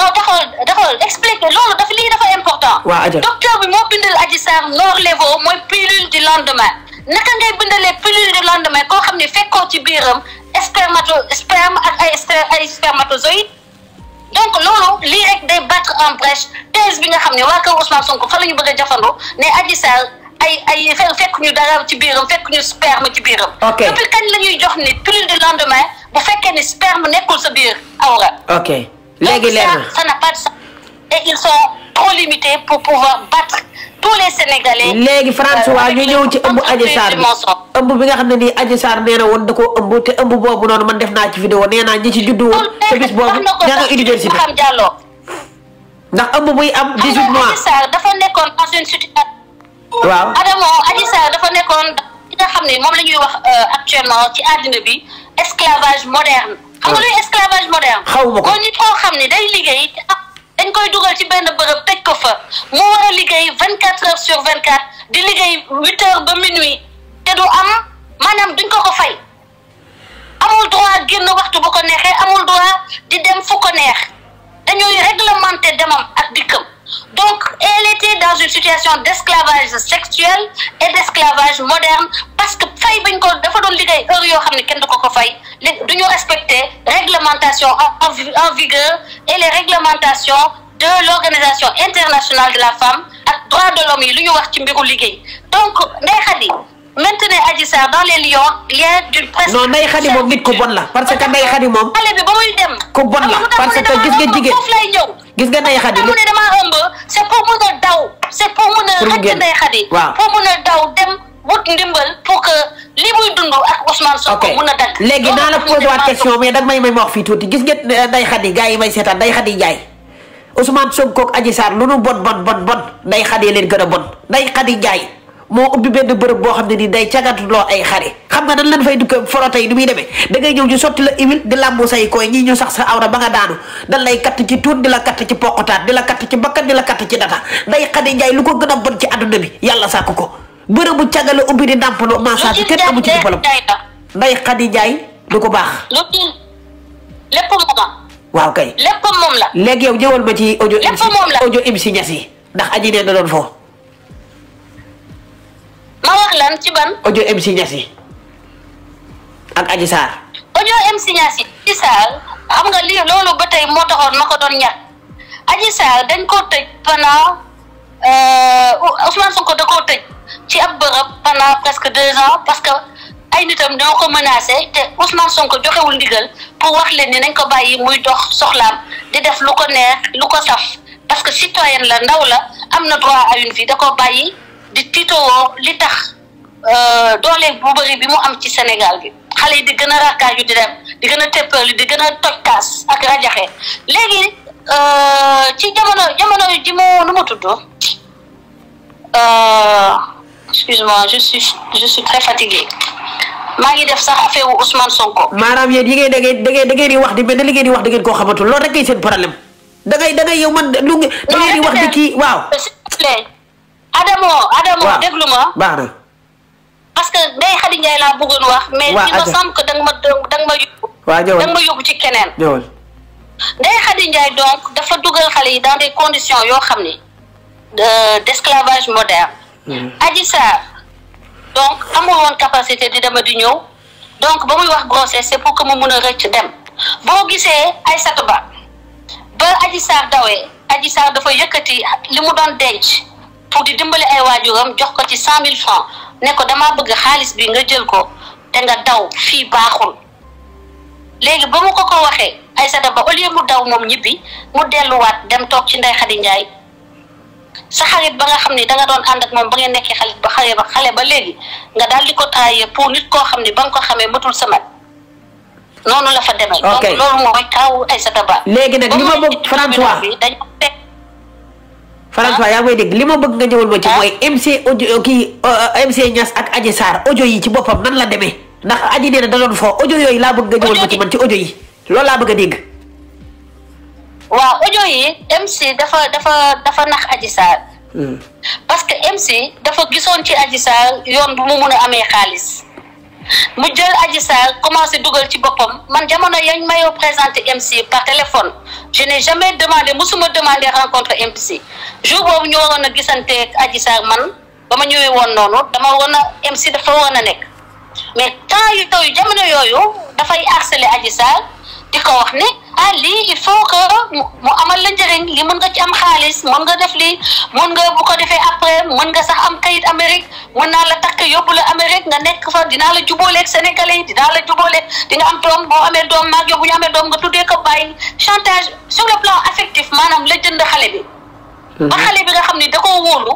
non taxawal taxawal expliqué loolu dafa lii dafa important. waaw docteur bi moo bindal Adji Sarr Norlevo mooy pilule du lendemain naka ngay bindalee pilule du lendemain koo xam ne fekkoo ci biiram. spermato sperme ak ay ay spermatozoïdes donc loolu lii rek day battre en brèche thèse bi nga xam ne waa kër Ousmane Sonko fa la ñu bëgg a jafandoo ne Adji Sarr ay fekk ñu dara ci biiram fekk ñu sperme ci biiram. ok depuis kañ la ñuy jox ni pilule du lendemain bu fekkee ni sperme nekkul sa biir awra. ok léegi leer na ça n'a pas de sens et trop limité pour pouvoir battre tous les Sénégalais. léegi François euh, ñu ñëw ci ëmb Adji Sarr bi ëmb bi nga xam ne nii Adji Sarr nee woon da koo ëmb te ëmb boobu noonu man def naa ci vidéo nee naa ñi ci juddu woon. te bis boobu ndax ëmb buy am di mois. dafa nekkoon dans une situation. waaw Adamo Adji Sarr dafa nekkoon li nga xam ne moom la ñuy wax euh, actuellement ci àddina bi esclavage moderne. xam nga luy esclavage moderne. xaw ma ko kon nit koo xam ne day liggéey dañ koy dugal ci benn bërëb tëj ko fa mu war a liggéey vingt quatre heures sur vingt quatre di liggéey huit heures ba minuit te du am maanaam duñ ko ko fay amul droit génn waxtu bu ko neexee amul droit di dem fu ko neex dañuy réglementer demam ak dikkam. Donc, elle était dans une situation d'esclavage sexuel et d'esclavage moderne parce que fay bañ ko dafa doon liggéey heure yoo kenn du ko ko fay du ñu respecter réglementation en, en vigueur et les réglementations de l'Organisation internationale de la femme ak droit de l'homme yi lu ñu wax ci mbiru liggéey donc Ndeye Khady maintenez Adji Sarr dans les lions liens moom nit ku bon la parce que Ndeye Khady moom. xale bi ba muy dem. ku bon la parce que gis nga jigéen foofu lay ñëw. gis nga Ndeye Khady mu mun a daw. a rëcc Ndeye Khady. waaw pour mun a daw dem wut ndimbal pour que li muy dund ak Ousmane Sonko mun a dagg. léegi naa la posé waat question mais dag may may ma wax fii tuuti gis nga Ndeye euh, Khady gars yi may seetaan Ndeye Khady Ndiaye. Ousmane Sonko ak Adji Sarr lu nu bon bon bon bon Ndeye Khady leen gën a bon Ndeye Khady moo ubbi benn bërëb boo xam ne nii day cagatuloo ay xari xam nga dañ leen fay dugg forote yi du muy demee da ngay ñëw ñu sotti la huile di làmbu say koy ñu sax sa awra ba nga daanu dan lay katt ci tuut di la katt ci poqotaat di la katt ci bakkan di la katt ci data day xadi njaay lu ko gën a bon ci àdduna bi yàlla sàkk ko bërëbu caga la ubbi di ndàmpaloo massage kenn amu ci diplôme day xadi njaay du ko baax lépp moom la. waaw kay lépp moom la. léegi yow ñëwal ma ci audio. lépp moom la audio im si ñas yi ndax aji nee na doon foo. ma wax lan ci ban. audio MC Niass ak Adji Sarr. audio xam nga li loolu ba tey moo taxoon ma ko doon ñàkk Adji Sarr dañ koo tëj pendant euh, Ousmane ko da koo tëj ci ab bërëb pendant presque deux ans parce que. ay nitam ñoo ko menacé te Ousmane Sonko joxewul ndigal pour wax leen ni nañ ko bàyyi muy dox soxlaam di def lu ko neex lu ko saf parce que citoyen la ndaw la am na droit à une vie da ko bàyyi di tiitowoo li tax euh, doole bu bëri bi mu am ci Sénégal bi xale yi di gën a rakkaaju di dem di gën a teppeelu di gën a toj kaas ak rajaxe léegi euh, ci jamono jamono ji mu nu mu tudd euh, excuse-moi je suis je suis très fatiguée maa ngi def sax affaire wu Ousmane Sonko. maanaam yéen yi ngeen da ngeen di wax di mel ne li di wax da ngeen koo xamatul loolu rek kay seen problème da ngay da ngay yow man lu di wax di kii waaw. Adamo Adamo déglu ma. baax na. parce que day Xadi Njaay laa bëggoon wax. mais li ma sàmm que danga ma danga ma yóbbu. danga ma yóbbu ci keneen. jaww day donc dafa dugal xale yi dans des conditions yoo xam ni de d'esclavage moderne. Hmm. Adji Sarr donc amul woon capacité di dama di ñëw donc ba muy wax grossesse c'est pour que mu mun a rëcc dem boo gisee sat Ba ba Adji Sarr dawee Adji Sarr dafa yëkkati li mu doon denc. pour di dimbali ay waajuram jox ko ci cent mille francs ne ko damaa bëgg xaalis bi nga jël ko te nga daw fii baaxul léegi ba mu ko ko waxee Aysata Ba au lieu mu daw moom ñibbi mu delluwaat dem toog ci Ndeye Khady Ndiaye sa xarit ba nga xam ne danga doon ànd ak moom ba ngeen nekkee xarit ba xale ba xale ba léegi nga dal di ko taayee pour nit koo xam ne ba nga ko xamee matul semaine noonu la fa demee. ok donc loolu mooy kaw Aysata Ba. léegi nag li ma bëgg François dañ François yaa ngi koy dégg li ma bëgg nga ñëwal ma ci ah. mooy MC audio euh, euh, ak Adji Sarr audio yi ci boppam nan la demee ndax Adji nee da doon foo audio yooyu laa bëgg nga ñëwal ma ci man ci audio yi loolu laa bëgg a dégg. waaw audio yi MC dafa dafa dafa nax aji Sarr. Hmm. parce que MC dafa gisoon ci aji Sarr yoon bu mu mun a amee xaalis. mu jël Adji Sarr commencé dugal ci boppam man jamono yañ mayoo présenté MC par téléphone je n'ai jamais demandé musuma demandé rencontre MC jour boobu ñoo waroon a gisante ak man ba ma ñëwee woon noonu dama waroon a MC dafa waroon a nekk mais temps yu taw yu jamono yooyu dafay harcelé Adji di ko wax ne ah lii il faut que mu amal la njëriñ li mën nga ci am xaalis mën nga def lii mën nga bu ko defee après mën nga sax am kayit Amérique mën naa la takk yóbbu la Amérique nga nekk fa dinaa la jubóoleeg Sénégalais yi dinaa la jubóoleeg di nga am doom boo amee doom maag yow bu ñu amee doom nga tuddee ko bàyyi chantage sur le plan affectif maanaam la jënd xale bi. ba mhm. xale bi nga xam ni da koo wóolu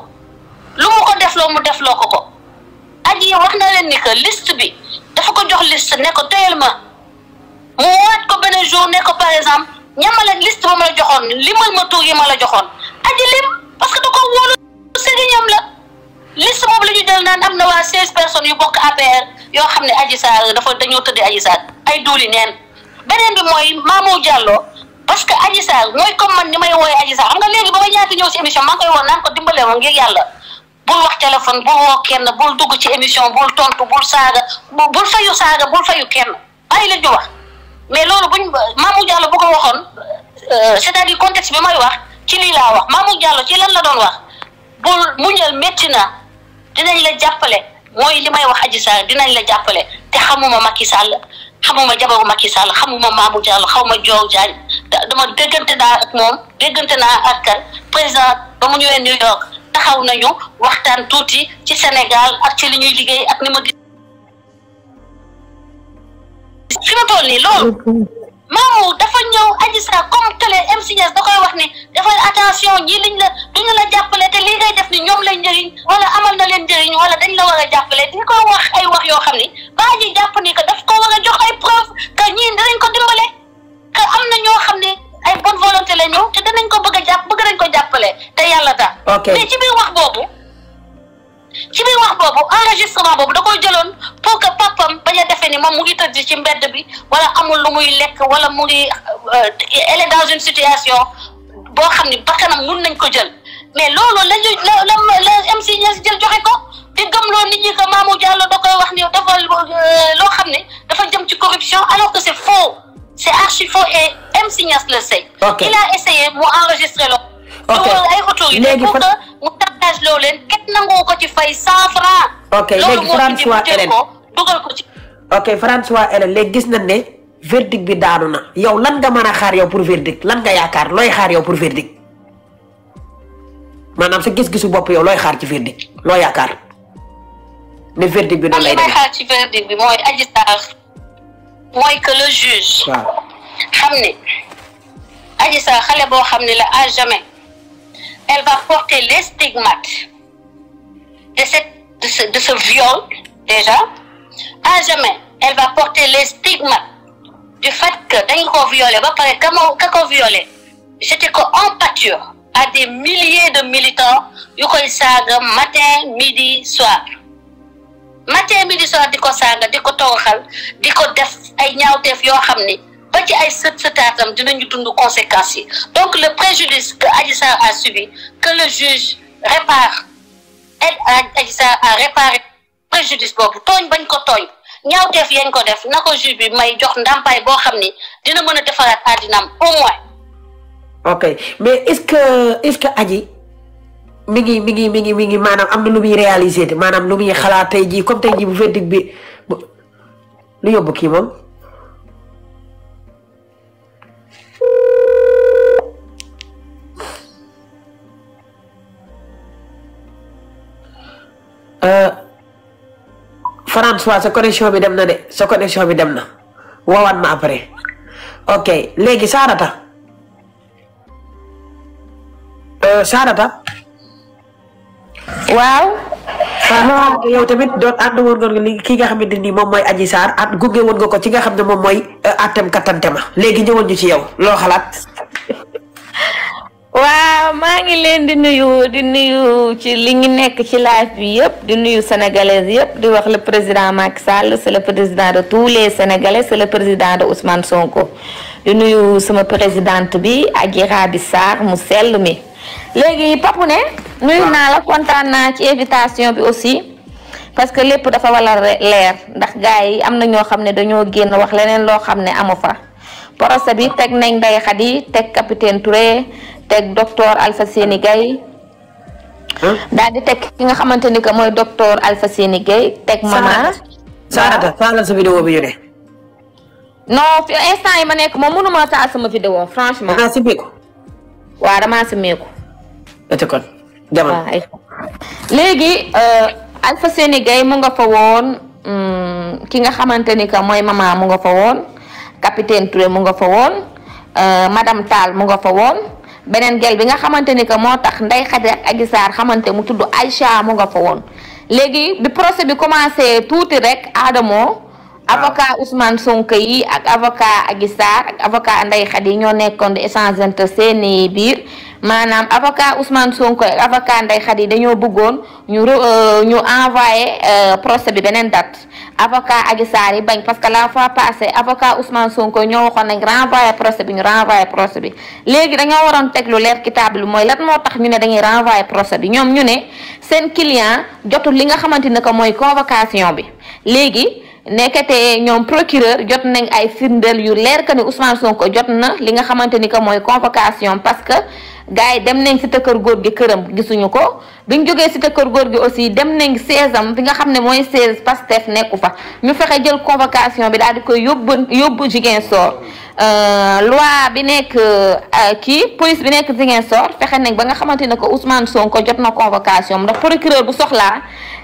lu mu ko defloo mu defloo ko ko. aji wax na leen ni que liste bi dafa ko jox liste ne ko teyel ma. mu waat ko benn jour ne ko par exemple ñamaleen liste ba ma la joxoon limal ma tuur yi ma la joxoon aji lim parce que da ko wóolu sëriñam la liste boobu la ñu naan am na waa seize personnes yu bokk APR yoo xam ne Adji Sarr dafa dañoo tëddi Adji Sarr ay duuli neen beneen bi mooy Mamour Diallo parce que Adji Sarr mooy comme man ni may wooyee Adji Sarr xam nga léegi ba ma ñaata ñëw si émission maa koy woon naan ko dimbale ma ngir yàlla bul wax téléphone bul kenn bul dugg ci émission bul tontu bul saaga bul fayu saaga bul fayu kenn bàyyi la ñu mais loolu buñ Mamour Diallo bu ko waxoon euh, c'est-à-dire contexte bi may wax ci lii laa wax Mamour Diallo ci lan la doon wax mu muñal métti na dinañ la jàppale mooy li may wax aji saa dinañ la jàppale te xamuma Macky Sall xamuma jabaru Macky Sall xamuma Mamour Diallo xamuma Joow Jaañ dama déggante naa moom déggante naa ak président ba mu ñëwee New York taxaw nañu waxtaan tuuti ci Sénégal ak ci li ñuy liggéey ak ni ma gis fi ma toll nii loolu. Mamou dafa ñëw Adji Sarr comme télé MC Niass da koy wax ne dafay attention ñii liñ la duñu la jàppale te lii ngay def ni ñoom lay njëriñ wala amal na leen njëriñ wala dañ la war a jàppale di ko wax ay wax yoo xam ni ba ji jàpp ni que daf ko war a jox ay preuve que ñii dinañ ko dimbale que am na ñoo xam ne ay bonne volonté la ñëw te danañ ko bëgg a jàpp bëgg nañ ko jàppale te yàlla tax. ok mais ci biir wax boobu. ci biir wax boobu enregistrement boobu da ko jëloon pour que papam bañ a defee ni moom mu ngi tëdd ci mbedd bi wala amul lu muy lekk wala mu ngi euh, elle est dans une situation boo xam ni bakkanam mun nañ ko jël mais loolu lañu la la MC Niass jël joxe ko di gëmloo nit ñi que Mamour Diallo da koy wax ni dafa euh, loo xam ne dafa jëm ci corruption alors que c'est faux c'est archi faux et MC Niass le la il a essayé mu enregistré loolu. ok ay retours yi léegi pour mu partage loo leen kenn ko ci fay cent franc. ok léegi François Hélène ko ko ci. ok François Hélène léegi gis nañ ne verdict bi daanu na yow lan nga man a xaar yow pour verdict lan nga yaakaar looy xaar yow pour verdict maanaam si gis-gisu bopp yow looy xaar ci verdict loo yaakaar ne verdict bi. noonu lay demee xaar ci verdict bi mooy Adji Sarr mooy que le juge. xam ne Adji Sarr xale boo xam ne la à jamais. elle va porter les stigmates de, cette, de, ce, viol déjà à jamais elle va porter les stigmates du fait que dañ koo violé ba pare ka moo ko violé j'étais ko en pâture à des milliers de militants yu koy saaga matin midi soir matin midi soir di ko saaga di ko toogaxal di ko def ay ñaawteef yoo xam ni ba ci ay sët sëtaatam dinañu dund conséquences yi donc le préjudice que Adji Sarr a subi que le juge répare elle Adji Sarr réparé préjudice boobu tooñ bañ ko tooñ ñaawteef yañ ko def na ko juge bi may jox ndàmpaay boo xam ni dina mën a defaraat àddinaam au moins. ok mais est-ce que est-ce que Adji mi ngi mi ngi mi ngi mi ngi maanaam am na lu muy réalisé maanaam lu muy xalaat tey jii comme tey jii bu verdict bi lu yóbbu kii moom. Euh, François sa connexion bi dem na de sa connexion bi dem na woowaat ma après ok léegi Sarata euh, Sarata waaw waaw yow tamit doon ànd woon nga li ki nga xamante ni moom mooy Adji Sarr at woon nga ko ci nga xam ne moom mooy àttem euh, kattante ma léegi ñëwoon ci yow loo xalaat waaw maa ngi leen di nuyu di nuyu ci li ngi nekk ci live bi yëpp di nuyu sénégalais yëpp di wax la président Macky Sall c'est le président de tous les sénégalais c'est le président de Ousmane Sonko di nuyu sama présidente bi Adji Raby Sarr mu sell mi léegi papu ne nuyu naa la kontaan naa ci invitation bi aussi parce que lépp dafa wala leer ndax gars yi am na ñoo xam ne dañoo génn wax leneen loo xam ne amu fa procès bi teg nañ Ndeye Khady teg capitaine teg docteur Alpha seeni gay daal di teg ki nga xamante ni que mooy docteur Alpha seeni Gaye teg mama Sarata Sarata sa vidéo bi ñu ne. non fi ma nekk moom mënu ma taal sama vidéo franchement. damaa simmee ko. waaw damaa simmee ko. ete kon jamono waaw léegi euh, Alpha Séni Gaye mu nga fa woon hmm, ki nga xamante ni que mooy mama mu nga fa woon capitaine Touré mu nga fa woon euh, madame Tall mu nga fa woon. beneen gel bi nga xamante ni que moo tax Ndeye Khady ak Adji Sarr xamante mu tudd Aïcha mu nga fa woon léegi bi procès bi commencé tuuti rek Adamo ah. avocat Ousmane Sonko yi ak avocat Adji Sarr ak avocat Ndeye yi ñoo nekkoon di échanger seeni biir maanaam avocat Ousmane Sonko ak avocat Ndeye Khady dañoo bëggoon ñu euh, ñu envoyé euh, procès bi beneen date avocat Adji Sarr yi bañ parce que la fois passée avocat Ousmane Sonko ñoo waxoon nañ renvoyé procès bi ñu renvoyé procès bi léegi dañoo waroon teg lu leer kitaab lu mooy lan moo tax ñu ne dañuy renvoyé procès bi ñoom ñu ne seen client jotul li nga xamante ni que mooy convocation bi léegi nekkate ñoom procureur jot nañ ay firndeel yu leer que ni Ousmane Sonko jot na li nga xamante ni que mooy convocation parce que. gars yi dem nañ si kër góor gi këram gisuñu ko bi ñu jógee si kër góor gi aussi dem nañ seize am bi nga xam ne mooy seize Pastef nekku fa ñu fexe jël convocation bi daal di koy yóbbu yóbbu Ziguinchor euh, loi bi nekk euh, kii police bi nekk Ziguinchor fexe nañ ba nga xamante ne ko Ousmane Sonko jot na convocation ndax procureur bu soxlaa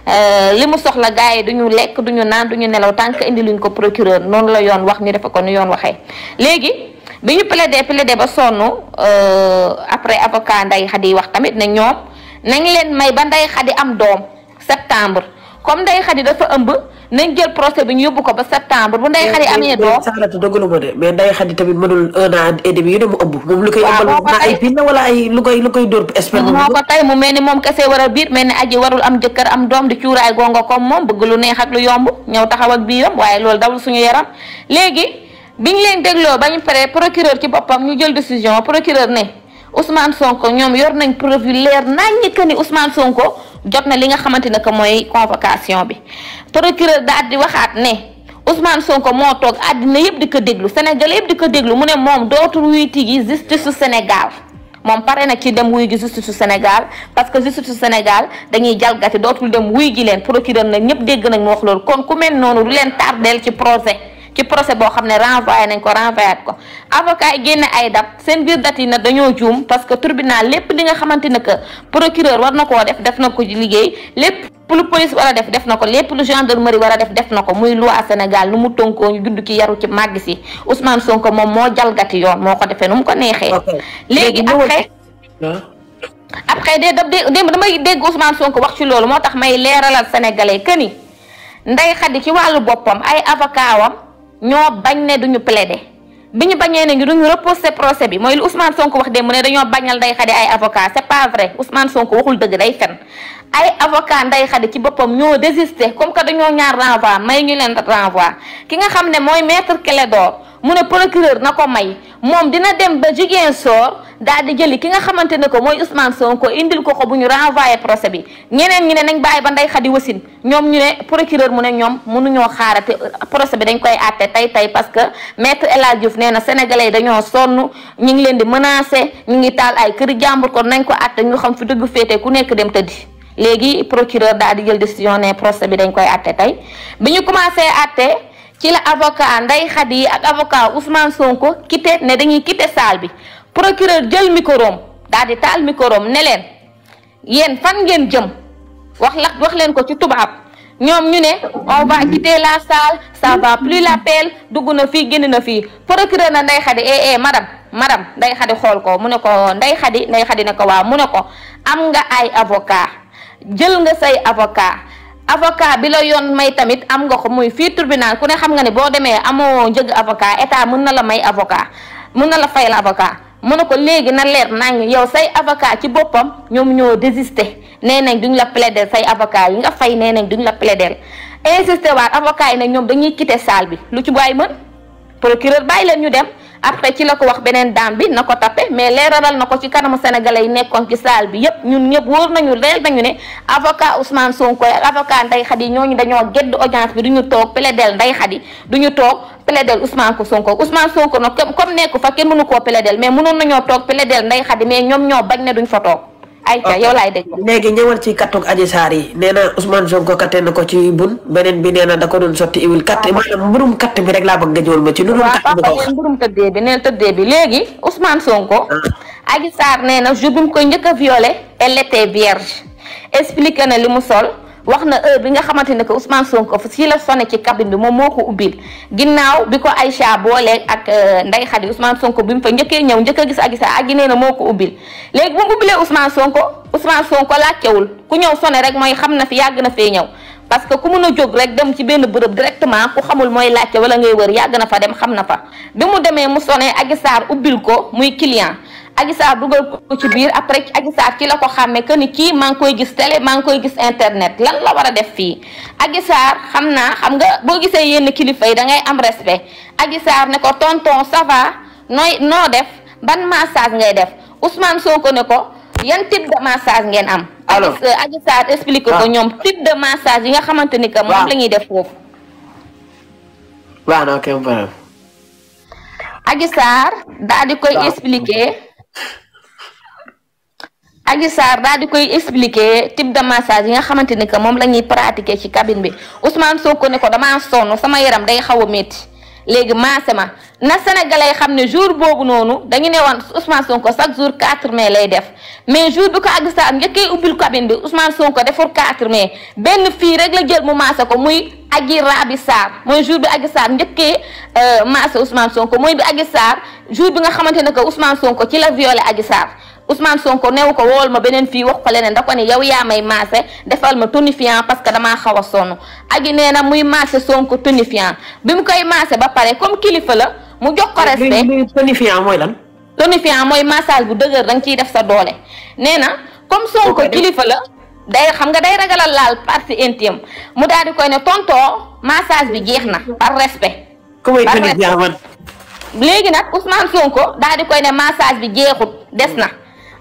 euh, li mu soxla gars yi du lekk du ñu naan du ñu nelaw tant que indi luñ ko procureur noonu la yoon wax ñu defe ko nu yoon waxee léegi. bi ñu plaider plaider ba sonn euh, après avocat nday xadi wax tamit ne ñoom nañ leen may ba nday xadi am doom septembre comme nday xadi dafa ëmb nañ jël procès bi ñu yóbbu ko ba septembre bu nday xadi amee doom ma de mais nday xadi tamit mënul un an et demi yu ne mu ëmb moom lu koy ëmbal na ay biir na lu koy lu koy dóor espèce moo ko tey mel ni moom kese war a biir mel ni aji warul am jëkkër am doom di cuuraay gonga comme moom bëgg lu neex ak lu yomb ñëw taxaw ak biiram waaye loolu dawul suñu yaram léegi biñ leen dégloo ba ñu paree procureur ci boppam ñu jël décision procureur ne Ousmane Sonko ñoom yor nañ preuve yu leer naññ que ni Ousmane Sonko jot na li nga xamante ne que mooy convocation bi procureur daal di waxaat ne Ousmane Sonko moo toog àddina yëpp di ko déglu Sénégal yëpp di ko déglu mu ne moom dootul wuyuti gi justice su Sénégal moom pare na ci dem wuy gi justice su Sénégal parce que justice su Sénégal dañuy jalgati dootul dem wuy gi leen procureur nag ñëpp dégg nañ mu wax loolu kon ku mel noonu du leen tardeel ci projet. ci procès boo xam ne renvoyé nañ ko renvoyé ko avocat yi génne ay date seen biir date yi nag dañoo juum parce que tribunal lépp li nga xamante ne que procureur war na koo def def na ko liggéey lépp lu police war a def def na ko lépp lu gendarmerie war a def def na ko muy loi Sénégal nu mu tënkoo ñu judd ki yaru ci màgg si Ousmane Sonko moom moo jalgati yoon moo ko defee nu mu ko neexee léegi après après de dab de damay dégg Ousmane Sonko wax ci loolu moo tax may leeralal sénégalais que ni Ndeye Khady ci wàllu ñoo bañ ne duñu plaider bi ñu bañee ne ñu duñu repousser procès bi mooy lu Ousmane Sonko wax de mu ne dañoo bañal day xadi ay avocat c'est pas vrai Ousmane Sonko waxul dëgg day fen ay avocat Ndeye Khady ci boppam ñoo désisté comme que dañoo ñaar renvoi may ñu leen renvoi ki nga xam ne mooy maître Clédor mu ne procureur na ko may moom dina dem ba jigéen soor daal di jëli ki nga xamante ne ko mooy Ousmane ko indil ko ko bu ñu renvoyé procès bi ñeneen ñi ne nañ bàyyi ba Ndeye Khady wasin ñoom ñu ne procureur mu ne ñoom mënuñoo xaarate procès bi dañ koy àtte tey tey parce que maître El Hadj nee na sénégalais yi dañoo sonn ñu ngi leen di menacé ñu ngi taal ay kër jàmbur kon nañ ko àtte ñu xam fi dëgg féete ku nekk dem tëddi léegi procureur daal di jël décision ne procès bi dañ koy àtte tey bi ñu commencé àtte ci la avocat Ndeye Khady ak avocat Ousmane Sonko quitté ne dañuy quitté salle bi procureur jël micro daal di taal micro ne leen yéen fan ngeen jëm wax la wax leen ko ci tubaab ñoom ñu ne on va la salle ça va plus la pelle dugg na fii génn na fii procureur na Ndeye Khady eh eh madame madame Ndeye Khady xool ko mu ne ko Ndeye Khady Ndeye Khady ne ko waaw mu ne ko am nga ay avocat jël nga say avocat avocat bi la yoon may tamit am nga ko muy fii tribunal ku ne xam nga ne boo demee amoo njëg avocat état mën na la may avocat mun na la fayal avocat mu ne ko léegi na leer naa ngi yow say avocat ci boppam ñoom ñoo désister nee nañ duñ la plaider say avocat yi nga fay nee nañ duñ la plaider insister waat avocat yi nag ñoom dañuy quitter salle bi lu ci waay mën procureur bàyyi leen ñu dem. après ci la ko wax beneen daam bi na ko tappe mais leeralal na ko ci kanamu sénégalais yi nekkoon ci salle bi yëpp ñun ñëpp wóor nañu leer nañu ne avocat Ousmane Sonko ak avocat Ndeye Khady ñooñu dañoo gedd audience bi du ñu toog plaider Ndeye Khady du ñu toog plaider Ousmane ko Sonko Ousmane Sonko nag comme nekku fa kenn mënu koo plaider mais mënoon nañoo toog plaider Ndeye Khady mais ñoom ñoo bañ ne duñ fa toog ay ayca yow laay dégg. léegi ñëwal ci kattug Adji Sarr yi nee na Ousmane Sonko katte na ko ci bun beneen bi nee na da ko doon sotti iwil katt maanaam mbirum katt bi rek laa bëgg nga ñëwal ci. lu dul katt bi ko wax mbirum tëddee bi nee tëddee bi léegi Ousmane Sonko. Ah. Adji Sarr nee na jour bi mu koy njëkk a violé elle était vierge expliqué na li mu sol. wax na heure bi nga xamante ne que Ousmane Sonko si la sonné ci kabin bi moom moo ko ubbil ginnaaw bi ko ay Aïcha booleeg ak euh, Ndeye Khady Ousmane Sonko bi mu fa njëkkee ñëw njëkk a gis ak ak gi nee na moo ko ubbil léegi bu mu ubbilee Ousmane Sonko Ousmane Sonko laajtewul ku ñëw sone rek mooy xam na fi yàgg na fee ñëw. parce que ku mun a jóg rek dem ci benn bërëb directement ku xamul mooy laajte wala ngay wër yàgg na fa dem xam na fa bi mu demee mu sonné Adji ubbil ko muy client. Adji Sarr dugal ko ci biir après Adji Sarr ci la ko xàmmee que ni kii maa ngi koy gis télé maa ngi koy gis internet lan la war a def fii Adji xam naa xam nga boo gisee yenn kilifa yi da ngay am respect Adji Sarr ne ko tonton ça va nooy noo def ban massage ngay def Ousmane Sonko ne ko yan type de massage ngeen am. alors Adji Sarr ko ah. ñoom type de massage yi nga xamante ni que. moom ah. la ñuy def foofu. waaw ah, Adji di koy expliqué. Adji Sarr daal di koy expliquer type de massage yi nga xamante ni que moom la ñuy pratiquer ci cabine bi Ousmane Sonko ne ko dama sonn sama yaram day xaw a métti léegi maase ma na sénégalais xam ne jour boobu noonu dañu ne woon Ousmane Sonko chaque jour 4 mai lay def mais jour bi ko Adji Sarr njëkkee ubbil cabine bi Ousmane Sonko deful 4 mai benn fii rek la jël mu maase ko muy Adji Raby Sarr mooy jour bi Adji Sarr njëkkee euh, maase Ousmane Sonko mooy bi Adji Sarr jour bi nga xamante ne que Ousmane ko ci la violé Adji Sarr Ousmane Sonko newu ko wool ma beneen fii wax ko leneen da ko ne yow yaa may maase defal ma tonifiant parce que damaa xaw a sonn agi nee na muy maase Sonko tonifiant bi mu koy maase ba pare comme kilifa la mu jox ko respect tonifiant mooy lan tonifiant mooy massage bu dëgër da nga ciy def sa doole nee na comme Sonko kilifa la day xam day ragalal laal partie mu daal di koy ne tontoo massage bi jeex na par respect par respect léegi nag Ousmane Sonko daal di koy ne massage bi jeexut des na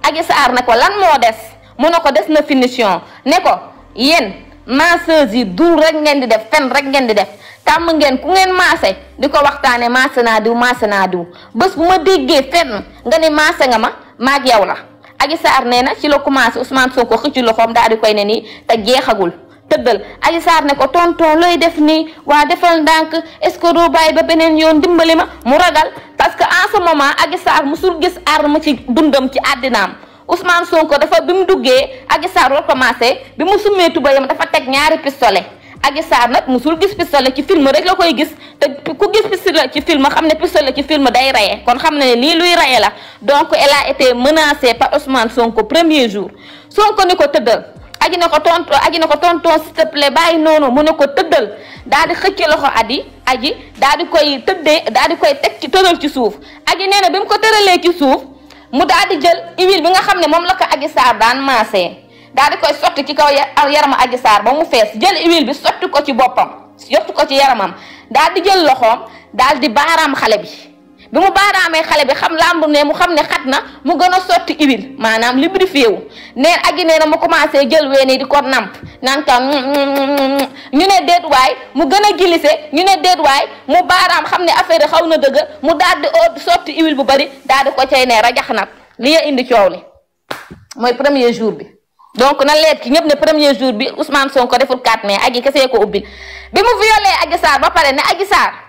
Adji Sarr ne ko lan moo des mu ne ko des na finition ne ko yéen masseuse yi duul rek ngeen di def fen rek ngeen di def tàmm ngeen ku ngeen maase di ko waxtaane maase naa diw maase naa diw bés bu ma déggee fenn nga ne maase nga ma maag yow la Adji Sarr nee na ci la commencé Ousmane Sonko xëcc loxoom daal di koy ne nii te jeexagul tëddal Adji Sarr ne ko tonton looy def nii waa defal ndànk est ce que doo bàyyi ba beneen yoon dimbali ma mu ragal parce que en ce moment Adji Sarr musul gis arme ci dundam ci àddinaam Ousmane Sonko dafa bi duggee Adji Sarr commencé bi mu summee tubayam dafa teg ñaari pistolet Adji nag musul gis pistolet ci film rek la koy gis te ku gis pistolet ci film xam ne pistolet ci film day reye kon xam na ne lii luy reye la donc elle a été menacée par Ousmane Sonko premier jour soo ko ni ko tëddal aji na ko tonton aji na ko tonton s'il te bàyyi noonu mu ne ko tëddal daal di xëcc loxo aji aji daal di koy tëddee daal di koy teg ci tëral ci suuf aji nee na bi mu ko tëralee ci suuf mu daal di jël huile bi nga xam ne moom la ko aji saar daan maasee daal di koy sotti ci kaw yaramu aji saar ba mu fees jël huile bi sotti ko ci boppam sotti ko ci yaramam daal di jël loxoom daal di baaraam xale bi bi mu baaraamee xale bi xam làmb ne mu xam ne xat na mu gën a sotti huile maanaam lubrifié wu neen agi nee na mu commencé jël weene di ko namp naan ka mm, mm, mm, ñu ne déet waay mu gën a glissé ñu ne déet waay mu baaraam xam ne affaire xaw na dëgg mu daal di oo sotti huile bu bari daal di ko cay ne jax nag li ya indi coow li mooy premier jour bi donc na leet ki ñëpp ne premier jour bi Ousmane ko deful 4 mai aji kesee ko ubbil bi mu violé Adji Sarr ba pare ne Adji Sarr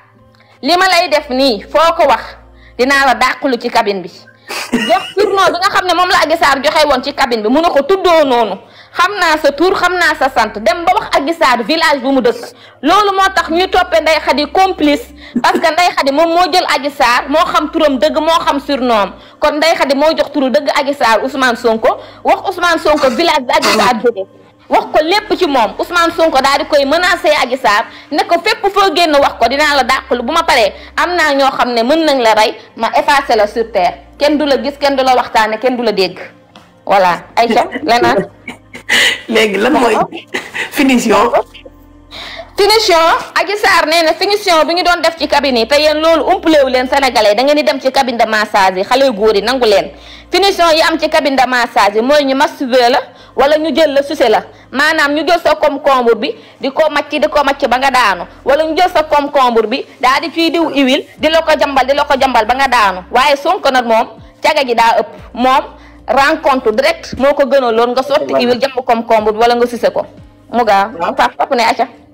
li ma lay def nii foo ko wax dinaa la dàqulu ci cabine bi jox tournoi bi nga xam ne moom la Adji Sarr joxe woon ci cabine bi mu ne ko tuddoo noonu xam naa sa tur xam naa sa sant dem ba wax Adji Sarr village bi mu dëkk loolu moo tax ñu toppee Ndeye Khady complice parce que Ndeye Khady moom moo jël Adji moo xam turam dëgg moo xam surnom kon Ndeye Khady moo jox turu dëgg agisaar Sarr Ousmane Sonko wax Ousmane Sonko village bi Adji Sarr jógee wax ko lépp ci moom Ousmane Sonko daal di koy menacé Adji Sarr ne ko fépp foo génn wax ko dinaa la dàqalu bu ma paree am naa ñoo xam ne mën nañ la rey ma effacé la sur kenn du la gis kenn du la waxtaan waxtaane kenn du la dégg voilà Aïcha leneen [laughs] léegi lan mooy finition Tunisien Adji Sarr nee na finition bi ñu doon def ci cabine yi te yéen loolu umpalewu leen sénégalais da ni di dem ci cabine de massage yi xale yu góor yi nangu leen finition yi am ci cabine de massage yi mooy ñu masturber la wala ñu jël la sucé la maanaam ñu jël sa concombre bi di ko macc di ko macc ba nga daanu wala ñu jël sa concombre bi daa di fii diw huile di la ko jambal di la ko jambal ba nga daanu waaye Sonko na moom caga ji daa ëpp moom rencontre direct moo ko gënaloon nga sotti huile jàmb concombre bi wala nga sucé ko mu gaa pap